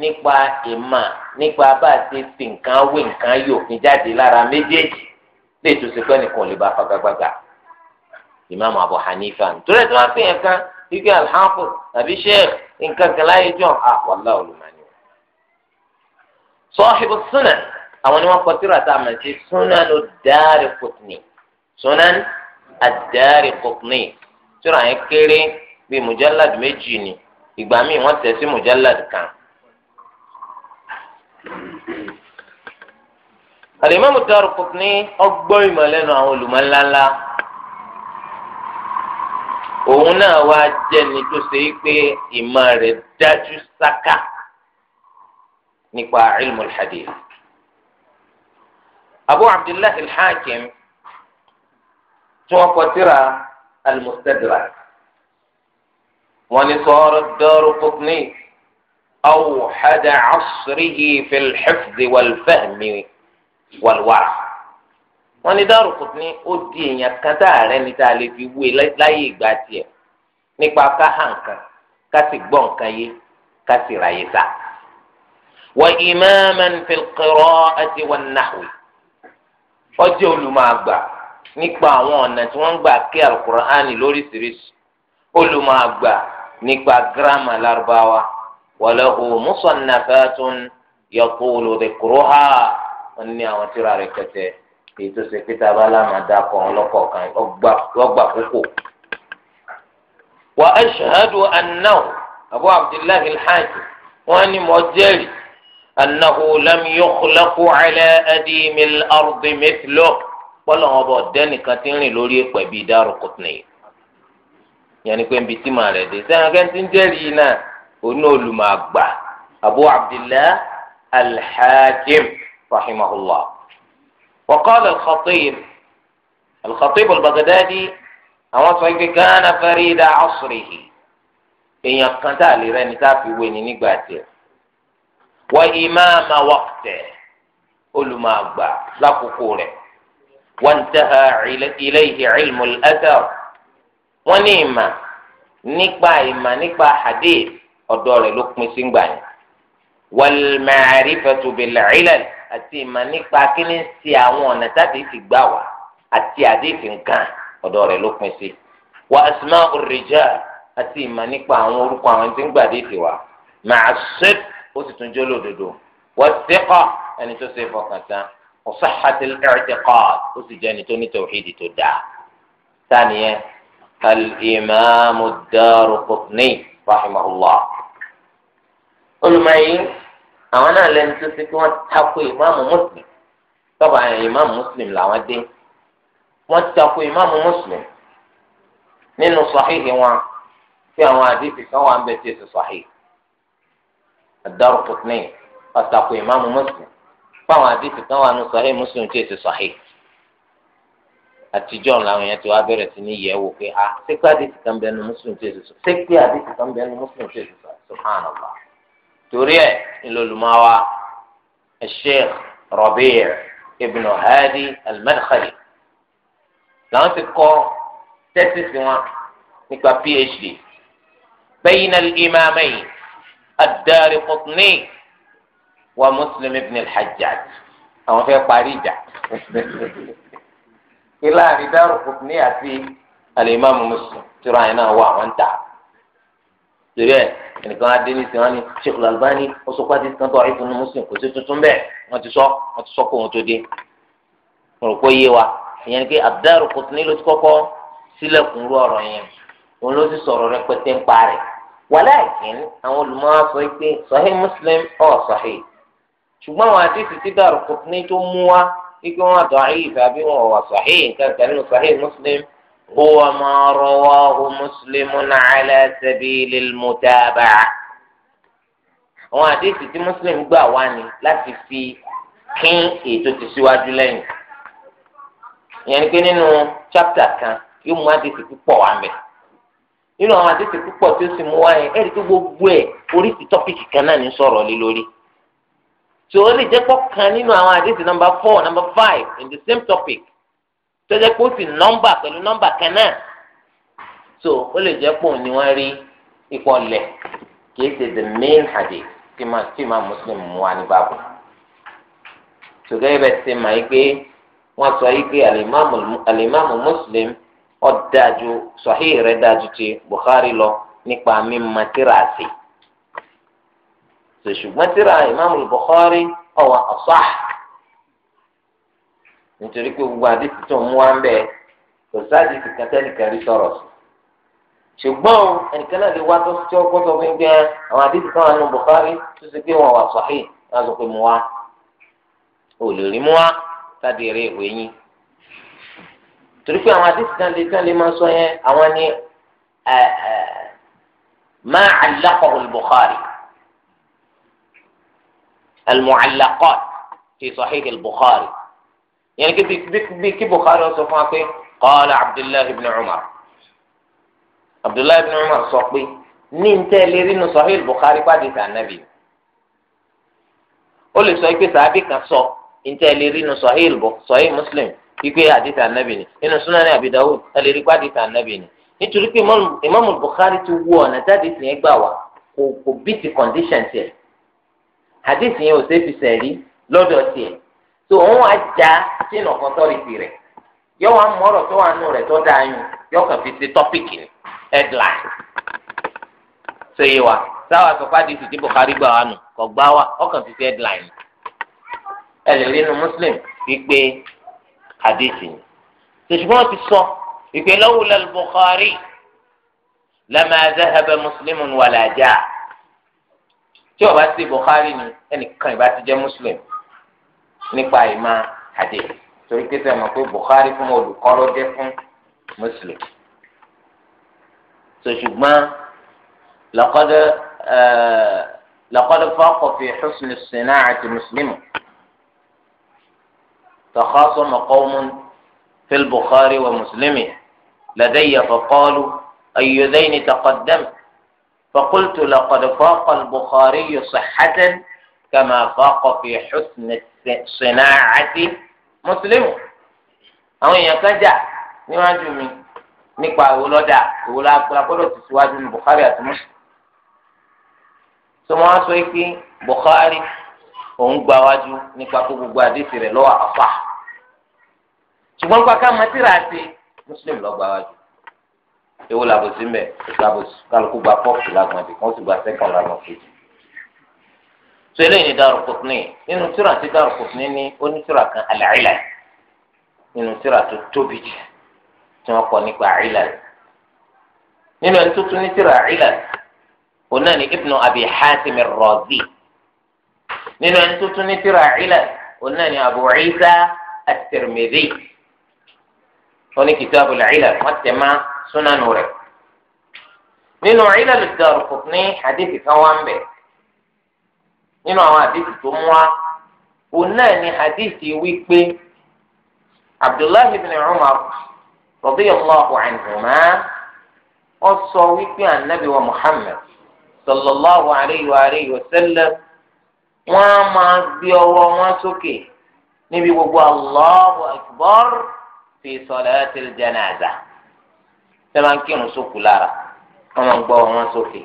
nípa ìmà nípa bá a ṣe fi nǹkan wé nǹkan yòókì jáde lára méjèèjì lè tó ṣe nìkan lè bá fagagbága ìmáàmù Abu Hanifa torí ẹ tí wọ́n fi yẹn kan ike alhamdu tàbí sheikh nǹkan kan láyé jọ ah, àwọn ọlọ́ọ̀lùmọ́ni sọ́ọ́hìbù súnà àwọn ni wọ́n kọ tírà tá a mọ̀ sí súnà ló dáàrí kùtùnì súnà àdáàrí kùtùnì tírà yẹn kéré bíi mùjálàdù méjì ni ìgbà míì wọ́n tẹ̀ sí mùjálàdù kan. alimami daaru kutni ọgbọ́ ìmọ̀lẹ́nu àwọn olùmọ̀láńlá òun náà wá jẹ́ni tó ṣe é pé ìmọ̀ rẹ̀ dájú sáká nípa علم الحديث أبو عبد الله الحاكم wọn kọ tírà almustadrak wọn ni sọrọ عصره في الحفظ والفهم casrihi fi lxifdi walfahmi walwara wọn ni dọrọ kutni ó di èèyàn kan tá a rẹ lè fi wé láyé ìgbà tiẹ̀ nípa ká hàn ká sì gbọ́ nǹkan yé ká sì ráyè sáà. وإماما في القراءة والنحو ọjọ́ olùmọ̀ àgbà nípa àwọn ọ̀nà tí wọ́n ń gbà kí alukur'an lóríṣiríṣi olùmọ̀ àgbà nípa gírámà lárúbáwá walahu musannafatun yaqulu dhikruha wọ́n ní àwọn tíra rẹ̀ kẹtẹ èyí tó ṣe pété abáláàmà dákọ̀ ọlọ́kọ̀ọ̀kan lọ́gbà kókò. wa ashhadu annahu abu abdullahi alhaji wọ́n ní mo jẹ́rìí. أنه لم يخلق على أديم الأرض مثله bọ́lá wọn bọ̀ dẹ́nìkan ti ń rìn lórí ẹ̀pẹ̀ bíi dárò kùtùnì yẹnni pé nbí tí màá rẹ̀ dé sẹ́yìn akẹ́ntì ń jẹ́rìí náà onú olùmọ̀gbà abu abdillah alhakim rahimahullah وقال الخطيب الخطيب البغدادي àwọn sọ pé كان فريد عصره èèyàn kan tá a lè rẹ́ni tá a fi wé ni nígbà tiẹ̀ wa imaama waqtẹ olùmọ̀ àgbà lákòókò rẹ̀ wọ́n tẹ́ha ilayhi ilmu al-athar wọ́n ní ìmà nípa ìmà nípa hadith ọ̀dọ́ rẹ̀ ló pin sí gbà yẹn wal ma'rifatu bil ilal àti ìmà nípa kíni ti àwọn ọ̀nà tàbí ti gbà wá àti àdéhìí nǹkan ọ̀dọ́ rẹ̀ ló pin sí wa asma'ur rijal àti ìmà nípa àwọn orúkọ àwọn tí ń gbà dé tiwa ma'a sidq ó sì tún jẹ́ olódodo wọ́sẹ̀kọ́ ẹni tó ṣe fọkàn tán ọ̀sọ́hàtì ẹ̀rẹ́tẹ̀kọ́ ó sì jẹ́ ẹni tó ní tòhídì tó dáa sànìyẹn al-imaamu Daaraqutni rahimahullah olùmọ̀yé àwọn náà lẹni tó ṣe kí wọ́n takò ìmáàmù Muslim tọ́ba ìmáàmù Muslim làwọn dé wọ́n takò ìmáàmù Muslim nínú sàhíhì wọn tí àwọn àdìsí kan wà ń bẹ tí èso ad-Daraqutni ọ̀sàkùn ìmáàmù Muslim fáwọn àdìsí kan wà nù Sahih Muslim tí èsì Sahih àtijọ́ làwọn yẹn ti wá bẹ̀rẹ̀ sí ní yẹ̀wò pé a ah, sẹ́kpẹ́ àdìsí kan bẹ́ẹ̀ nu Muslim tí èsì sọ sẹ́kpẹ́ àdìsí kan bẹ́ẹ̀ nu Muslim tí èsì sọ subhanallah torí ẹ̀ ńlọlùmọ́wá Sheikh Rabi' ibn Hadi al làwọn ti kọ́ tẹ́sí sí wọn nípa PhD bayna al-imamayn adarí kutni wa muslim ibn al-hajjaj àwọn fẹ́ parí ìjà ìlànà ìdárò kutni àti alimami muslim tíra yẹn náà wà wọn ta torí ẹ ẹnìkan á dé nísìnyí wọn ni sheikh al-albani ó sọ tó àìfún ní muslim kò sí tuntun bẹ́ẹ̀ wọn ti sọ wọn ti sọ kó wọn tó dé wọn rò pé yé wa ìyẹn ni pé adarí kutni ló ti kọ́kọ́ sílẹ̀kùn rú ọ̀rọ̀ yẹn òun ló ti sọ̀rọ̀ rẹpẹtẹ ń parẹ́ wàláàkín àwọn olùmọ̀ọ́ sọ pé sọ̀hí muslim ọ̀ sọ̀hí ṣùgbọ́n àwọn àdìsí ti dàrú kùtùní tó mú wa ikú wọn da'if àbí wọn wà sọ̀hí nǹkan kan nínú sọ̀hí muslim huwa ma rawahu muslimun ala sabilil mutaba'a àwọn àdìsí tí muslim gbà wá ni láti fi kín ètò ti síwájú lẹ́yìn ìyẹn ni pé nínú chapter kan yóò mú àdìsí púpọ̀ wá mẹ́ta nínú àwọn àdìsí púpọ̀ tí ó sì mú wáyé ẹ̀rí tó gbogbo ẹ̀ oríṣi tọ́pìkì kan náà ní sọ̀rọ̀ lé lórí tí ó lè jẹ́ pọ̀ kan nínú àwọn àdìsí nọmba four nọmba five in the same topic tó jẹ́ pé ó sì nọmba pẹ̀lú nọmba kan náà so ó lè jẹ́ pọ̀ ni wọ́n rí ipò lẹ̀ kì í ṣe the main hadith tí ma tí ma muslim mú wa ní báàbò ṣùgbọ́n ibẹ̀ ti mà yí pé wọ́n sọ yí pé alimami muslim ọ̀dájú sọ̀hí rẹ̀ dájú ti Bukhari lọ nípa mímọ tíraasi ṣùgbọ́n tíra ìmáàmù Bukhari ọ̀wà ọ̀sọ́à nítorí pé gbogbo àdìsí tó ń mú wá ń bẹ́ẹ̀ kò sáàdì ti kàtà nìkan rí sọ̀rọ̀ sí ṣùgbọ́n o ẹnìkan náà lè wá tó tí ó kọ́tọ̀ fún gbẹ́ àwọn àdìsí kan wà nù Bukhari tó ṣe pé wọn wà sọ̀hí wọn pé mu wá ò lè rí mu wá sáàdì ìwé yín. torí pé àwọn àdìsí kan lè kan lè máa sọ yẹn àwọn ni maa àlàkọ̀ alákọ̀ọ́ al-Bukhari al-mu'allaqat fi sahih al-Bukhari yẹn kí bí kí Bukhari sọ fún wa pé qala Abdullahi ibn Umar Abdullahi ibn Umar sọ pé ní ntẹ́ lè rí nu sahih al-Bukhari pàdé sànàbì ó lè sọ pé sàbí kan sọ ntẹ́ lè rí nu sọ sahih Muslim. ikpe hadith anabi ni inú sunani Abi Dawud ẹlẹ́rìí kó hadith anabi ni nítorí pé imaamu Bukhari ti wú ọ̀nà jáde sì yẹn gbà wá kò kò bí ti condition tiẹ̀ hadith yẹn ò sẹ́fì sẹ́rí lọ́dọ̀ tiẹ̀ tó òun á já sínú ọ̀kọ́tọ́rìtì rẹ̀ yọ wá mọ́rọ̀ tó wà nù rẹ̀ tó dáa yún yọ kàn fi ṣe tọ́pìkì ni headline ṣe yé wa sáwà sọpá di ti ti Bukhari gbà wá nù kọ̀ gbá wa ọkàn fi ṣe headline ẹ lè rí inú Muslim wípé hadithi ni tòṣùgbọ́n ti sọ ìpè lawla al-Bukhari lama zahaba muslimun wala jaa tí ó bá ti Bukhari ni ẹnìkan ìbá ti jẹ́ muslim nípa ìmọ̀ hadithi torí pé sẹ́wọ̀n pé Bukhari fún olùkọ́ ló jẹ́ fún muslim tòṣùgbọ́n laqad eh, laqad faqa fi husni as-sina'ati muslimun. تخاصم قوم في البخاري ومسلم لدي فقالوا أي ذين تقدمت فقلت لقد فاق البخاري صحة كما فاق في حسن الصناعة مسلم àwọn èèyàn kan jà níwájú mi nípa ìwò lọ́dà ìwò lágbọ́dọ̀ ti síwájú ní Bukhari àti Muslim. sọ wọn sọ pé Bukhari òun gba wájú nípa kó gbogbo àdéhìí rẹ̀ lọ́wọ́ àfà ṣùgbọ́n nípa ká àti muslim lọ́ gba wájú ewu làbòsí mbẹ làbòsí kálukú gba pọ́ọ̀kì lágbọ̀n àbí wọ́n sì gba sẹ́kọ̀n lágbọ̀n kejì so eléyìí ni Daaru Qutni nínú tíra tí Daaru Qutni ní onítìrà kan al-Ilal nínú tíra tó tóbi jù tí wọ́n kọ nípa Ilal nínú ẹni tuntun ní tíra Ilal òun náà ni Ibnu Abi Hatim ar nínú ẹni tó tún ní tírà ilẹ̀ òun náà ni Abu Isa at-Tirmidhi wọn ní kitabul ilẹ̀ wọn tẹ̀ má súnánù rẹ̀ nínú ilẹ̀ ad-Daraqutni hadithi kan wá ń bẹ̀ nínú àwọn hadithi tó mú wa òun náà ni hadithi wípé Abdullahi ibn Umar radiyallahu anhuma ó wípé anabi wa Muhammad sallallahu alayhi wa alayhi wa sallam wọ́n á máa gbé ọwọ́ wọn sókè níbi gbogbo Allahu Akbar fi salatil janaza ṣé máa ń kírun sókù lára wọ́n máa ń gbọ́ ọwọ́ wọn sókè.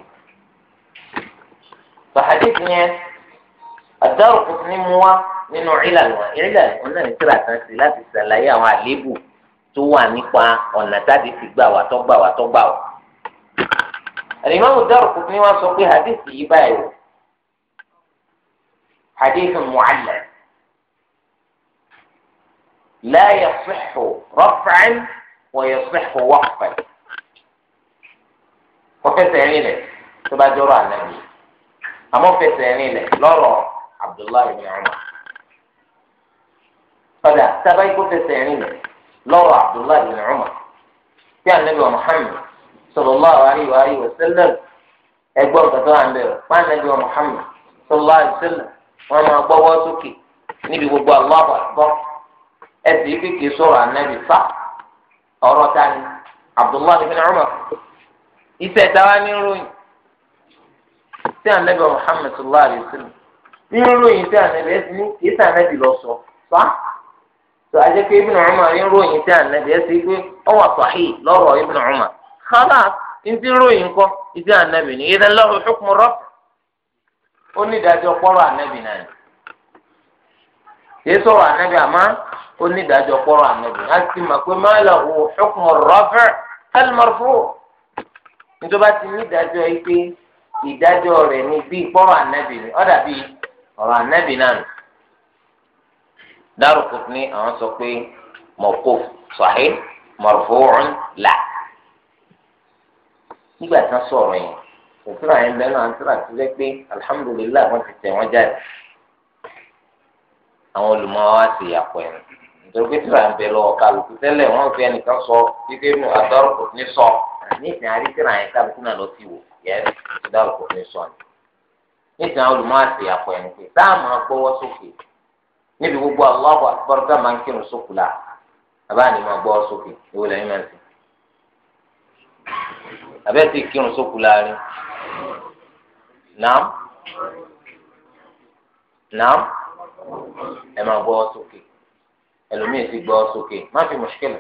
fàhádìsì yẹn Ad-Daraqutni mú wá nínú ìlànà ìlànà ọ̀nà ìtura kan sí láti ṣàlàyé àwọn àléébù tó wà nípa ọ̀nà táàdì fi gbà wá tó gbà wá tó gbà wá. Al-Imam Ad-Daraqutni wọ́n sọ pé hadith yìí báyìí حديث معلل لا يصح رفعا ويصح وقفا يعني لك تبع جرى النبي أما يعني لك لورا عبد الله بن عمر فلا تبقى يكون يعني لك لورا عبد الله بن عمر كان النبي محمد صلى الله عليه وآله وسلم أكبر بركه عنده ما النبي محمد صلى الله عليه وسلم wọn máa gbọ́wọ́ sókè níbi gbogbo Allahu Akbar ẹsẹ̀ yìí kékeré sọ̀rọ̀ ànábì fa Abdullahi bin Umar ìfẹ́ táwa ní ròyìn sí ànábì Muhammad sallallahu alayhi wa sallam ní ròyìn sí ní lọ sọ fa tó a jẹ́ pé Ibn Umar ní ròyìn sí ànábì ẹsẹ̀ pé ọwọ́ àtọ̀hí lọ́rọ̀ Ibn Umar kálá ntí ròyìn ó ní ìdájọ́ pọ́rọ̀ ànábì náà ni yìí sọ̀rọ̀ àmọ́ ó ní ìdájọ́ á ti mọ̀ ti ní ìdájọ́ yìí pé ìdájọ́ ni bí ni dàbí ọ̀rọ̀ ni àwọn sọ pé la nígbà òtúrà yẹn bẹ́ẹ̀ náà àtúrà ti rẹ́ pé alihamudulilayi wọ́n ti tẹ̀ wọ́n jáde àwọn olùmọ̀ọ́ wa ti yàpọ̀ ẹ̀ nítorí pé tíra ń bẹ lọ́wọ́ kálukú tẹ́lẹ̀ wọ́n fi ẹnìkan sọ kíké nu àdárò kò ní sọ nísìnyí àrí tíra yẹn kálukú náà lọ sí wò yẹ àdárò kò ní sọ ni nísìnyí àwọn olùmọ̀ọ́ wa ti yàpọ̀ ẹ̀ nípe tá a máa gbọ́wọ́ sókè níbi gbogbo Allahu Akbar máa ń kírun sókè la àbá ni máa gbọ́wọ́ sókè ìwé lẹ́yìn mẹ́rin nàám nàám ẹ máa gbọ́ sókè ẹlòmíì sì gbọ́ sókè má fi mùsùkìlì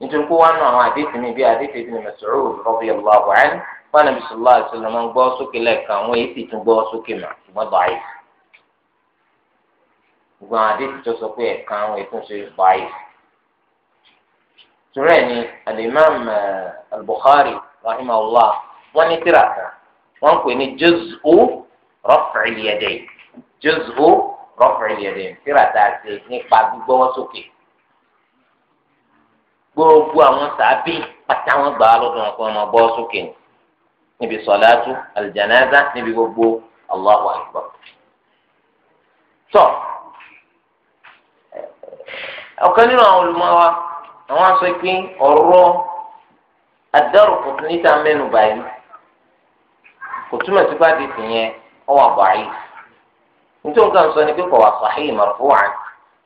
nítorí pé wọn nù àwọn àdéhùn mi bí àdéhùn ibi mẹsùrù radiyallahu anhu wọn nàbí sallallahu alaihi wasallam máa ń gbọ́ sókè lẹ́ẹ̀kan àwọn èyí sì tún gbọ́ sókè mà ṣùgbọ́n báyìí gbogbo àdéhùn tó sọ pé ẹ̀ka àwọn èyí tún ṣe báyìí. torí ẹ̀ ni al-Imam eh, rahimahullah wọn ní tírà wọ́n pè ní juz'u raf'il yadayn juz'u raf'il yadayn síra tá a ṣe nípa gbígbọ́wọ́ sókè gbogbo àwọn sàábì pátá wọn gbà á lọ́dún ọkọ ọmọ bọ́ sókè níbi sọ̀láàtú àlìjánáza níbi gbogbo Allahu akbar. tọ́ ọ̀kan nínú àwọn olùmọ̀wá àwọn aṣọ pé ọ̀rọ̀ adáròkùnkùn níta mẹ́nu báyìí kò túmọ̀ sí pàdé tìyẹn ọ wà bàáyì nítorí nǹkan sọ ni pé kò wà sàhíì marfu'an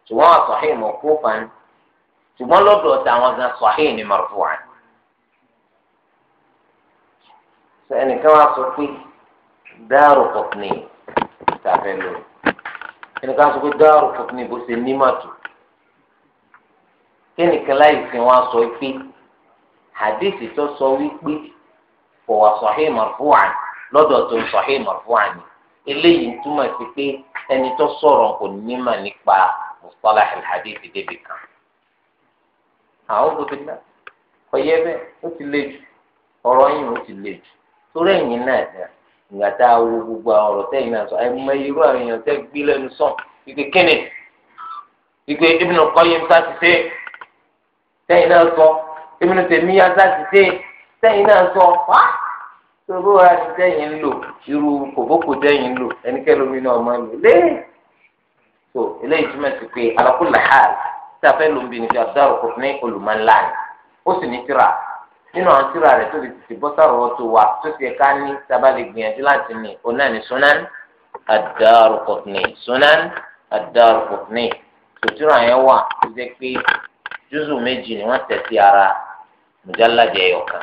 ṣùgbọ́n wà sàhíì mawqufan ṣùgbọ́n lọ́dọ̀ táwọn gan sàhíì ni marfu'an. ẹnìkan wá sọ pé dáàrú kọ̀pìnì tàbí lò ẹnìkan sọ pé dáàrú kọ̀pìnì bó ṣe ní màtò kẹ́nìkan láì fi wá sọ pé hadith tó sọ wípé kò wà sàhíì marfu'an. lọ́dọ̀ tó sahih marfu' àní eléyìí túmọ̀ sí pé ẹni tó sọ̀rọ̀ kò ní mà nípa mustalah al-hadith débi kan àwọn òbí náà ọyẹ bẹ́ẹ̀ ó ti le jù ọrọ yìí ó ti le jù torí ẹ̀yin náà ìgbà tá a wo gbogbo àwọn náà sọ irú àwọn èèyàn gbé sàn kíni ti náà sọ tòbó wa ni dẹ́yìn ń lò irú kòbókò dẹ́yìn ń lò ẹnikẹ́ni omi náà máa ń lò lé tó eléyìí túmọ̀ sí pé alákùnlé ha tí a fẹ́ lò ń bi níbi àbúrò kò ní olùmọ̀lá ni ó sì ní tíra nínú àwọn tíra rẹ̀ tó lè tètè bọ́ tó wa tó ti ká ní sábà gbìyànjú láti ní oná ní sunan ad-Daraqutni sunan ad-Daraqutni tòtúrà yẹn wà tó jẹ́ pé júzù méjì ni wọ́n tẹ̀ sí ara mùjálàjẹ́ yọ̀kan.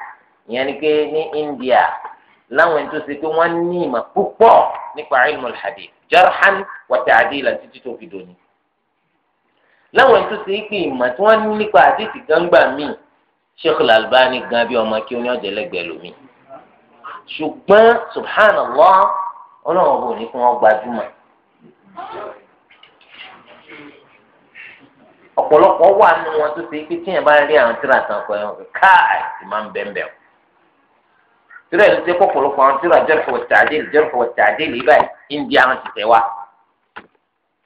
ìyẹn ni pé ní India láwọn ẹni tó ṣe pé wọ́n ní ìmọ̀ púpọ̀ nípa ilmul hadith jarhan wa ta'dilan títí tó fi dòní láwọn ẹni tó ṣe pé ìmọ̀ tí wọ́n ní nípa àdìsí gangba míì Sheikh Al-Albani gan bí ọmọ kí ó ní ọ̀jẹ̀ lẹ́gbẹ̀ẹ́ lómi ṣùgbọ́n subhanallah ọlọ́run ọba ò ní kí wọ́n gbajúmọ̀ ọ̀pọ̀lọpọ̀ wà nínú wọn tó ṣe pé tíyẹn bá rí àwọn tíra tán kọ ẹ̀wọ̀n káà ti máa ń bẹ́ẹ̀ bẹ́ẹ̀ tíra ẹni tí kọ̀pọ̀lọpọ̀ àwọn tíra jarh wa ta'dil jarh wa ta'dil yìí báyìí ìndí àwọn ti tẹ̀ wá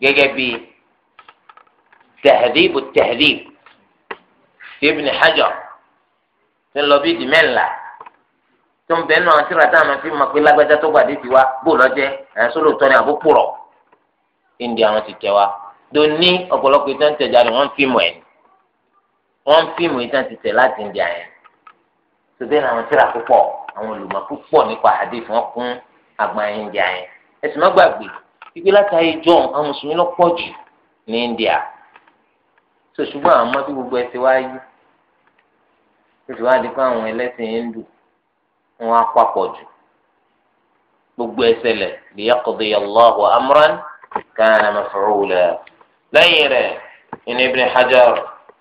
gẹ́gẹ́ bí tahdhibu tahdhib ti Ibn Hajar ti lọ bí di mẹ́ńlá tó ń bẹ́ẹ̀ náà tíra táwọn fi máa pé lágbájá tó gbàdé ti wá bó lọ́jẹ́ ẹ̀ sọ́lọ́ tọ́ni àbó pùrọ̀ ìndí àwọn ti tẹ̀ wá doni ọ̀pọ̀lọpọ̀ ìtàn tẹ̀jà rẹ̀ wọ́n fíìmù ẹ̀ wọ́n fíìmù ìtàn ti tẹ̀ láti ìndí àyẹ̀ tó bẹ́ẹ̀ náà tíra púpọ̀. àwọn olùmọ̀ púpọ̀ nípa hadith wọn kún agbanyanja yẹn ẹsìn má gbàgbé láti ayé àwọn mùsùlùmí lọ jù ní India gbogbo ẹsẹ wá yí oṣù wa di àwọn gbogbo amran Hajar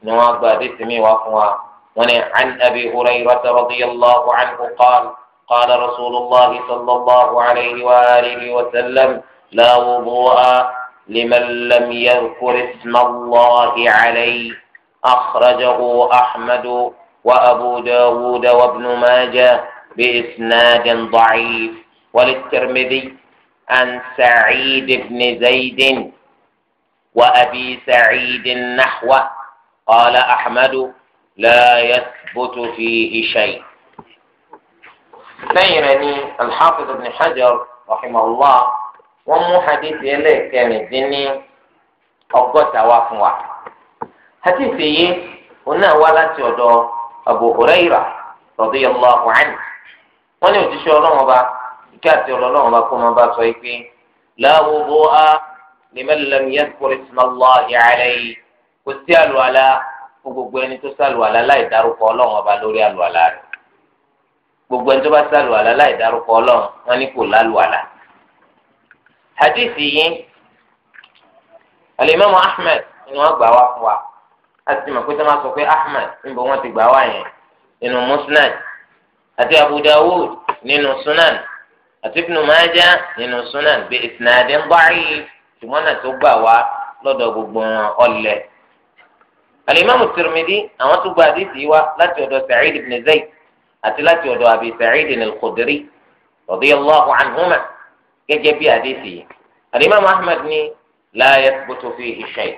ni gba عن أبي هريرة رضي الله عنه قال قال رسول الله صلى الله عليه وآله وسلم لا وضوء لمن لم يذكر اسم الله عليه أخرجه أحمد وأبو داود وابن ماجه بإسناد ضعيف وللترمذي عن سعيد بن زيد وأبي سعيد نحوه قال أحمد لا يثبت فيه شيء سيرني الحافظ ابن حجر رحمه الله ومو حديث يلي كان الدني أقوت وافوا حديثي هنا ولا تودو أبو هريرة رضي الله عنه وني وتشو لهم با كاتي لهم با كما با سويكي لا وضوء لمن لم يذكر اسم الله عليه والسؤال ولا fún gbogbo ẹni tó sàlùwàlá láì dárúkọ ọlọ́run ọba lórí àlùwàlá rẹ̀ gbogbo ẹni tó bá sàlùwàlá láì dárúkọ ọlọ́run wọn ní kò lálùwàlá. hadithi yìí alimami ahmed ni wọn gbà wá fún wa a ti mọ̀ pé sọ́mà sọ pé ahmed níbo wọ́n ti gbà wá yẹn nínú musnad àti abu dawud nínú sunan àti ibnu maja nínú sunan bí isnadin da'if ṣùgbọ́n náà tó gbà wá lọ́dọ̀ gbogbo wọn ọ̀lẹ́ alimami tirimidi àwọn tó gba àdìsí wa láti ọ̀dọ̀ sa'id ibn zayd àti láti ọ̀dọ̀ abi sa'id al-khudri radiyallahu anhuma gẹ́gẹ́ bí àdìsí yìí alimami ahmed ní la yathbutu fihi shay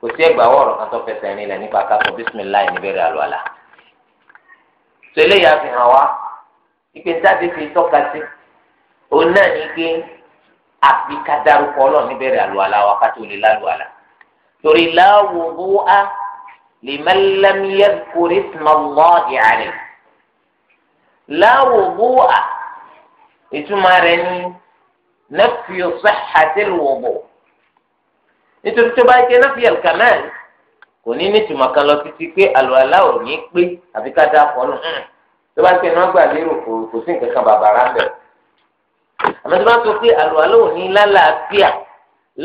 kò sí ẹgbàá wọ̀rọ̀ kan tó fẹsẹ̀ nílẹ̀ nípa kakọ bisimilayi níbẹ̀rẹ̀ àlùwàlà tó eléyà fi hàn wá ìpè ntàdé fi tọ́ka sí òun náà ní pé àfi ká dárúkọ ọlọ́ọ̀ níbẹ̀rẹ̀ àlùwàlà wa ká tó lè lálùwàlà torí láwòwò á. لمن لم يذكر اسم الله عليه لا وضوء ìtumọ̀ نفي صحة الوضوء nítorí tó bá jẹ́ نفي الكمال kò ní ní ìtumọ̀ kan lọ títí pé àlùwàlá ò ní pé àfi ká dá pọ̀ nù tó bá jẹ́ nọ́gbà lérò kò sí nǹkan kan bàbá rà bẹ̀rẹ̀ àmọ́ tó bá sọ pé àlùwàlá ò ní lálàáfíà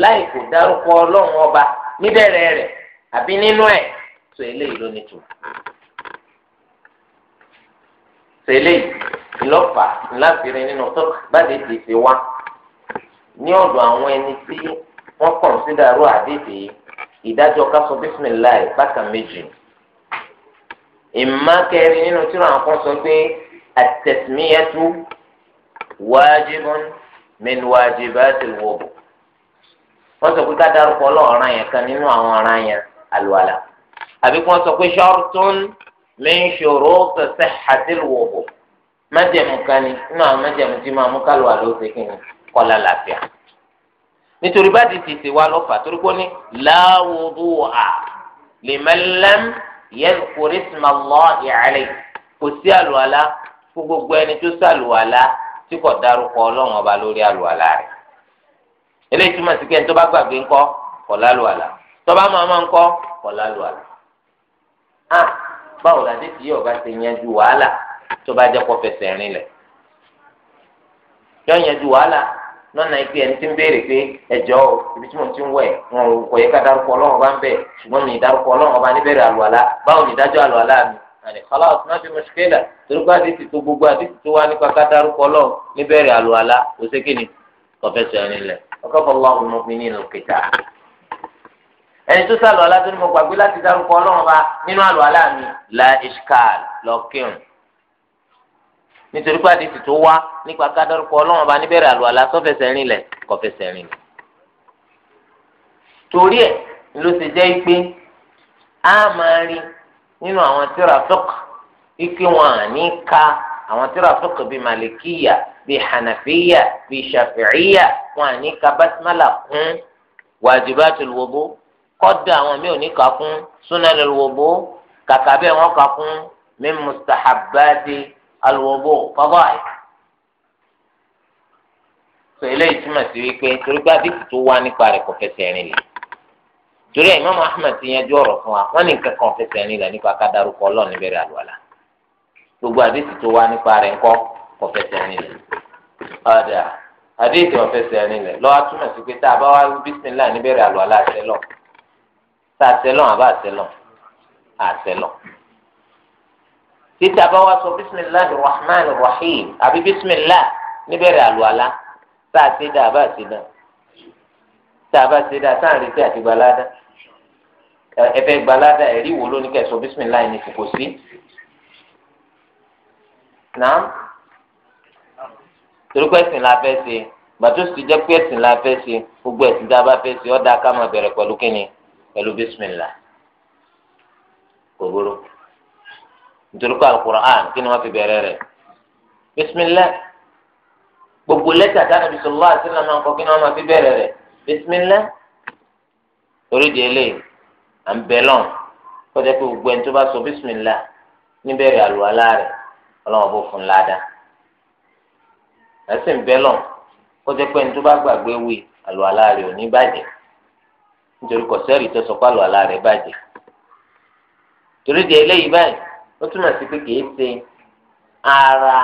láì kò dárúkọ ọlọ́run ọba níbẹ̀rẹ̀ rẹ̀ àbí nínú ẹ̀ so eléyìí ló ní tù so eléyìí ńlọ́fà ńláfíìrì nínú tó báde ti fi wá ní ọ̀dọ̀ àwọn ẹni tí wọ́n kọ̀ǹsídà rú àdéhìí ìdájọ́ kásọ bísímìláì bákan méjì ìmá kẹrin nínú tíra àwọn sọ pé àtẹ̀símíyẹ́tú wájibun min wájibatil wudu wọ́n sọ pé ká dárúkọ ọlọ́ọ̀ràn yẹn kan nínú àwọn ọ̀ràn yẹn àlùwàlà àbí kí wọ́n sọ pé ṣọ́ọ̀tún min shurut sihhatil wudu májẹ̀mú kan ni nínú àwọn májẹ̀mú tí máa mú kálù àlọ́ ṣe kí ni kọ́lá làbíà nítorí bá ti tètè wá lọ́fà torí pé ó ní la wudu'a liman lam yadhkur isma Allahi alayhi kò sí àlùwàlá fún gbogbo ẹni tó sàlùwàlá tí kò dárúkọ ọlọ́run ọba lórí àlùwàlá rẹ̀ eléyìí túmọ̀ sí kẹ́ni bá gbàgbé ńkọ́ kọ̀ lálùwàlá tó bá máa máa ńkọ́ kọ̀ lálùwàlá. ah báwo la dé tí yóò bá ṣe yanjú wàhálà tó bá jẹ́ kó fẹsẹ̀ rìn lẹ̀ yóò yanjú wàhálà lọ́nà ìpè ẹni tí ń béèrè pé ẹ̀jọ́ ibi tí mo ti ń wẹ̀ wọn ò kọ̀ yẹ ká dárúkọ ọlọ́run bá ń bẹ̀ ṣùgbọ́n mi ọlọ́run ọba ni ìdájọ́ àlùwàlá mi àní kọ́lá ọ̀tún náà fi mọ̀ gbogbo àdìsí tó wá nípa ká ọlọ́run níbẹ̀rẹ̀ àlùwàlá kò kọ̀fẹ́sẹ̀ lẹ̀ ẹni tó sàlọ alá tó ní mo gbàgbé láti dárúkọ Ọlọ́run bá nínú àlọ alá mi la ishkal lọkìrùn nítorí pé àdìsí tó wá nípa ká dárúkọ Ọlọ́run bá níbẹ̀rẹ̀ àlọ alá sọfẹsẹ̀ rìn lẹ̀ kọfẹsẹ̀ rìn lẹ̀ torí ẹ̀ ló ṣe jẹ́ pé a máa rí nínú àwọn tíra ike wọn à ní ka àwọn tíra bíi malikiya bíi hanafiya bíi shafi'iya wọn à ní ka basmala kún wajibatul wudu kọ́dà àwọn mi ò ní kà kún sunan alwobo kàkà bẹ́ẹ̀ wọ́n kà kún min mustahabati alwobo fadail. sọ eléyìí túmọ̀ sí wípé torí pé àdìsí tó wá nípa rẹ̀ kò fẹsẹ̀ rìn lè torí ẹ̀ Imam Ahmad ti yanjú ọ̀rọ̀ fún wa wọ́n ní nǹkan kan fẹsẹ̀ rìn lẹ̀ nípa kádàrúkọ ọlọ́ọ̀ níbẹ̀rẹ̀ àlùwàlà gbogbo àdìsí tó wá nípa rẹ̀ ńkọ́ kò fẹsẹ̀ rìn lẹ̀ ọ̀dà àdìsí ò fẹsẹ̀ rìn lẹ̀ lọ́wọ́ túmọ̀ sí pé tá a bá wá bísíńlá tá a sẹlọ àbá àsẹlọ àsẹlọ títí àbá wa sọ bisimilah rahman rahim àbí bisimilah níbẹ̀rẹ̀ àlùwàlá tá a ti dá àbá àti dá tá a bá ti dá sáà ń retí àti gbalada ẹfẹ gbalada ẹ̀rí wo ló ní kẹsọ bisimilah ní kòkò sí náà torí pé la fẹ́ ṣe gbàtó sì jẹ́ pé ẹ̀sìn la fẹ́ ṣe gbogbo ẹ̀sìn tá a bá fẹ́ ṣe ó ká máa bẹ̀rẹ̀ pẹ̀lú kínni pẹ̀lú bísímìlà kò burú nítorí pé alukur'an kí ni wọ́n fi bẹ̀rẹ̀ rẹ̀ bísímìlà gbogbo lẹ́tà táwọn ibi sọ̀rọ̀ àti ìlànà ọkọ̀ kí ni wọ́n máa fi bẹ̀rẹ̀ rẹ̀ bísímìlà torí di eléyìí à ń bẹ̀ lọ́n kọjá pé gbogbo ẹni tó bá sọ bísímìlà níbẹ̀rẹ̀ àlùwalá rẹ̀ ọlọ́wọ́n bó fún ládàá ẹ̀sìn bẹ́ lọ́n kọjá pé ẹni tó bá gbàgbé wí àlùwalá rẹ̀ ò ní bàjẹ́ nítorí kọ̀sẹ́rì tó sọ pálọ̀ àlá rẹ̀ bàjẹ́ torí di eléyìí báyìí ó túmọ̀ sí pé kìí ṣe ara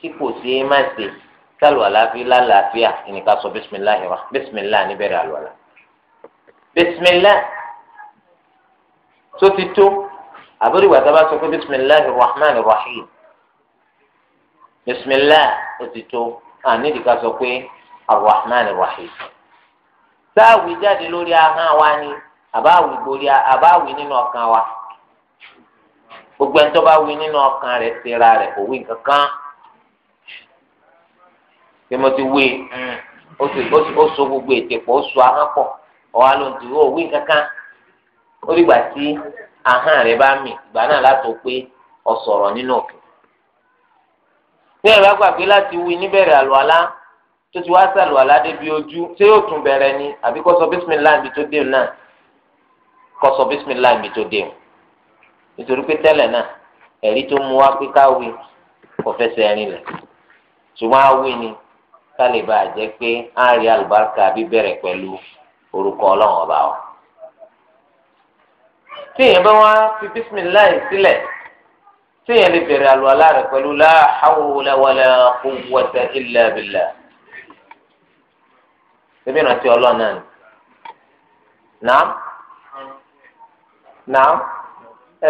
tí kò ṣe é má ṣe sálù àlàáfíà lálàáfíà ìníkà sọ bísímìláì wa bísímìláì níbẹ̀rẹ̀ àlùwàlà bísímìláì tó ti tó àbúrò ìwà tábà sọ pé bísímìláì rahman rahim bísímìláì ó ti tó ànídìí sọ pé arahman rahim. sáàwì jáde lórí ahọ́n wa ni àbáwì borí àbáwì nínú wa gbogbo ẹni tó bá wí nínú ọkàn rẹ̀ ṣera rẹ̀ kò wí mm. so gbogbo ètè pọ̀ ó so ahọ́n pọ̀ ọ̀wá ló ń ti wí òwí nǹkan kan ó dìgbà tí ahọ́n rẹ̀ bá mì ìgbà náà látò pé ọ̀sọ̀rọ̀ nínú òkè. bí tó ti wá sàlù aládé bí ojú ṣé yóò tún bẹ̀rẹ̀ ni àbí kó sọ bísímìlá ibi tó dé náà kó sọ bísímìlá ibi tó dé nítorí pé tẹ́lẹ̀ náà ẹ̀rí tó mú wá pé káwé kò fẹsẹ̀ rìn lẹ̀ ṣùgbọ́n awé ni ká lè bàa jẹ́ pé á rí àlùbáríkà bíbẹ̀rẹ̀ pẹ̀lú orúkọ ọlọ́run ọba wa tíyẹn bá wá fi bisimilayi sílẹ̀ tíyẹn lè bẹ̀rẹ̀ àlùwàlá pẹ̀lú la hawla wala quwwata ṣebí ìrántí ọlọ́run náà ni nàá nàá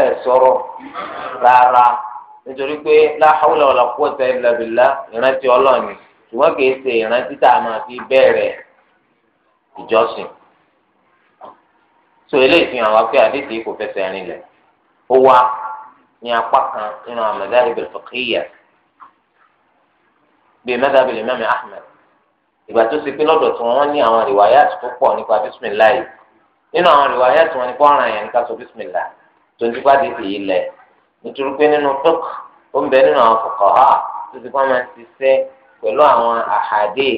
ẹ sọ̀rọ̀ rárá nítorí pé la hawla wala quwwata illa billah ìrántí ọlọ́run ni ṣùgbọ́n kì í ṣe ìrántí tá a máa fi bẹ̀rẹ̀ ìjọsìn so eléyìí fi hàn wá pé àdéhùn yìí kò fẹsẹ̀ rìn ó wá ní apá kan nínú al-madhahib al bíi madhhab al-imam ìgbà tó ṣe pé lọ́dọ̀ tí wọ́n ní àwọn rìwáyàtì tó pọ̀ nípa bísímìlá yìí nínú àwọn rìwáyàtì wọn ni kó ọ̀ràn yẹn nípa sọ bísímìlá tó ń tipa di èyí lẹ̀ nítorí pé nínú tók ó ń bẹ nínú àwọn fuqaha tó ti kọ́ máa ń ṣiṣẹ́ pẹ̀lú àwọn àhàdé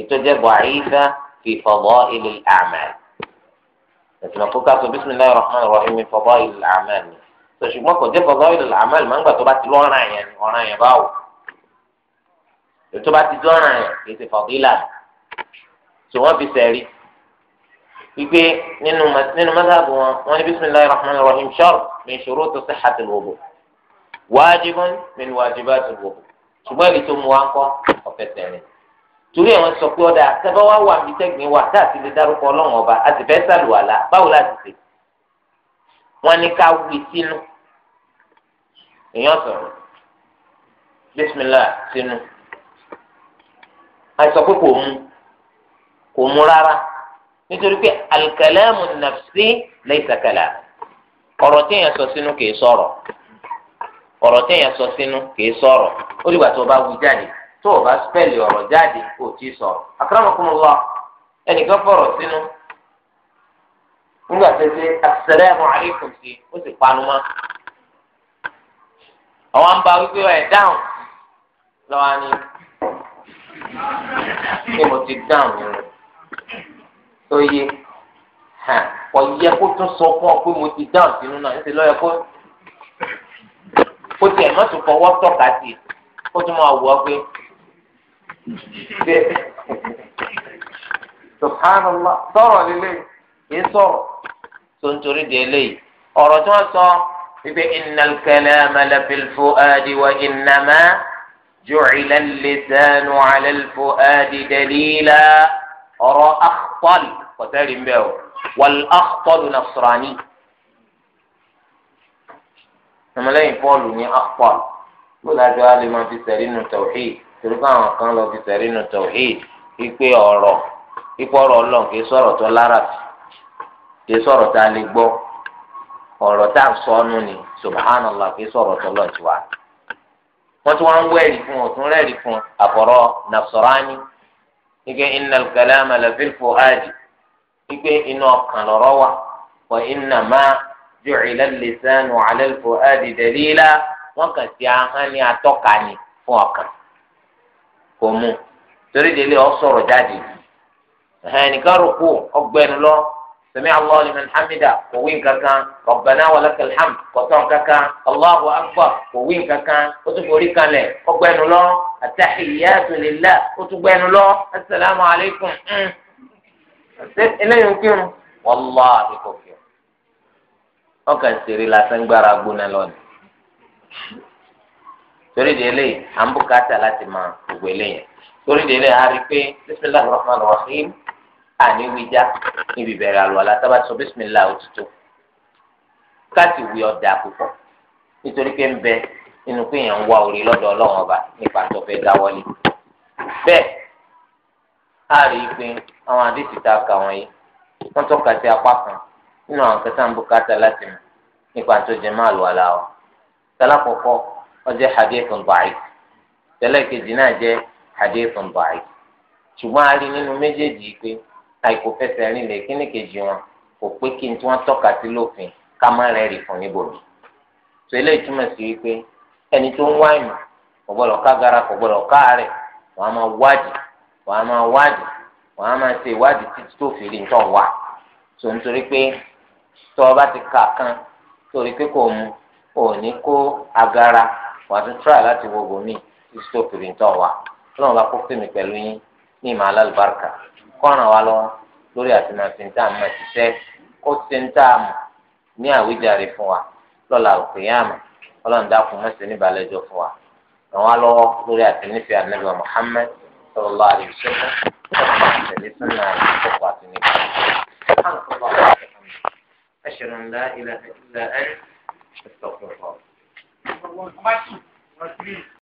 ìtọ́jẹ́ bọ̀àyíṣà fi fadail al-a'mal ẹ̀sìn àkókò àti bísímìlá rahman rahim ètò bá ti dọ́ràn ẹ̀ kì í ti fọ̀dílà tí wọ́n fi sẹ̀rí wípé nínú nínú mọ́tàbù wọn wọ́n ní bisimilahi rahman rahim shor min ṣòro tó ṣe hàtì lóbo wájibun min wájibá ti lóbo ṣùgbọ́n èyí tó mu wá ń kọ́ ọ̀fẹ́ sẹ̀rí torí àwọn sọ pé ọ̀dà sábà wá wà mí tẹ́gbìn wà tá a ti lè dárúkọ ọlọ́run ọba a sì fẹ́ sàlùwàlà báwo la ti ṣe wọ́n ní ká wí sínú èèyàn sọ̀rọ̀ bisimilahi sínú àìsàn pé kò mu kò mu rárá nítorí pé alikalamu nafsi laysa kalam ọ̀rọ̀ téèyàn sọ sínú kìí sọ̀rọ̀ ọ̀rọ̀ téèyàn sọ sínú kìí sọ̀rọ̀ ó dìgbà tó o bá wí jáde tó o bá spẹ́ẹ̀lì ọ̀rọ̀ jáde kò tí ì sọ̀rọ̀ akramakumullah ẹnìkan fọ̀rọ̀ sínú nígbà tó ṣe assalamu alaikum sí ó sì panu mọ́ àwọn àǹbá wípé ẹ̀ dáhùn lọ́wọ́ á ní ṣé mo ti dáhùn yẹn tó yé kò yẹ kó tún sọ fún ọ pé mo ti dáhùn sínú náà ń ṣe lọ́yẹ kó kó tiẹ̀ má tún fọwọ́ tọ́ka sí i kó tún máa wọ pé bẹ́ẹ̀ subhanallah sọ̀rọ̀ lílé yìí sọ̀rọ̀ tó ń torí di eléyìí ọ̀rọ̀ tí wọ́n sọ wípé innal kalama la fil fuadi wa جعل اللسان على الفؤاد دليلا أرى أخطل قتال به والأخطل نصراني أما لا يقول إني أخطل ولا جعل ما في سرين التوحيد تلقى كان لو في سرين التوحيد ipe ọ̀rọ̀ ipe ọ̀rọ̀ Ọlọ́run kì í sọ̀rọ̀ tó lárabì kì í sọ̀rọ̀ tá a sọ ọ ni subhanallah kì í sọ̀rọ̀ tó wá wọ́n tún wọ́n ń wẹ́rì fún wọn tún rẹ́rì fún àfọ̀rọ̀ nasarani ike innal kalama lafil fuadi ike inú ọkàn lọ́rọ̀ wà wa innama ju'ila lisanu ala fuadi dalila wọ́n kàn sí ahọ́n ní atọ́ka ni fún ọkàn kò mú torí délé ọ sọ̀rọ̀ jáde ẹnìkan rò kú ọgbẹ́ni lọ sami allah liman hamida kò wí kankan rabbana walakal hamd kò tán kankan allahu akbar kò wí kankan ó tún forí kanlẹ̀ ó gbẹnu lọ atahiyatu lillah ó tún gbẹnu lọ asalaamu alaykum mm. eléyìí ń kírun wàláhi kò kírun ọkàn ìṣeré lásán gbára gbóná lọ́nà torí de eléyìí à ń bùkátà láti máa gbogbo eléyìí torí de eléyìí a rí i pé bisimilahi rahman rahim àní wíjà níbi bẹ̀rẹ̀ àlùwàlá tá a bá sọ bísímìlá òtítọ́ káàtì wí ọ̀dà púpọ̀ nítorí pé ń bẹ nínú pé èèyàn ń wá orí lọ́dọ̀ ọlọ́run ọba nípa tó fẹ́ dáwọ́lé bẹ́ẹ̀ á rí i pé àwọn àdéhùn tá a kà wọ́nyí wọ́n tọ́ka sí apá kan nínú àwọn kẹta ń bùkátà láti mọ̀ nípa tó jẹ máa lù àlà wa tẹ́lákọ̀ọ́kọ́ wọ́n jẹ́ hadithun da'if tẹ́lẹ̀kejì náà jẹ́ hadithun da'if ṣùgbọ́n a rí nínú méjèèjì pé àìkò fẹsẹ̀ rìn lè kíní kejì wọn kò pé kí n tí wọ́n tọ́ka sí lófin ká má rẹ́ẹ̀rì fún níbòmí. tó eléyìí túmọ̀ sí wípé ẹni tó ń wá ìmọ̀ kò gbọ́dọ̀ ká gara kò gbọ́dọ̀ ká àárẹ̀ wọ́n á máa wádìí wọ́n á máa wádìí wọ́n á máa ṣe ìwádìí títí tó fi rí nǹkan wà. tó ń torí pé tó o bá ti kà kan torí pé kò mu ò ní kó agara wàá tún tíra láti wo bòmí títí tó fi rí nǹkan wà. tó náà bá kó fèmí pẹ̀lú yín ní ìmọ̀ alálùbáríkà. kọ́ràn wa lọ lórí àti máa ń tá a ni ṣiṣẹ́ kó ń a ní àwíjàre fún wa lọ́la òkè yá àmọ̀ ọlọ́run dákun mẹ́sẹ̀ níbalẹ̀ jọ fún wa ràn wá lọ́wọ́ lórí àti nífẹ̀ẹ́ ànábì wa Muhammad sallallahu ọ̀pọ̀ sọ́nà أشهد أن لا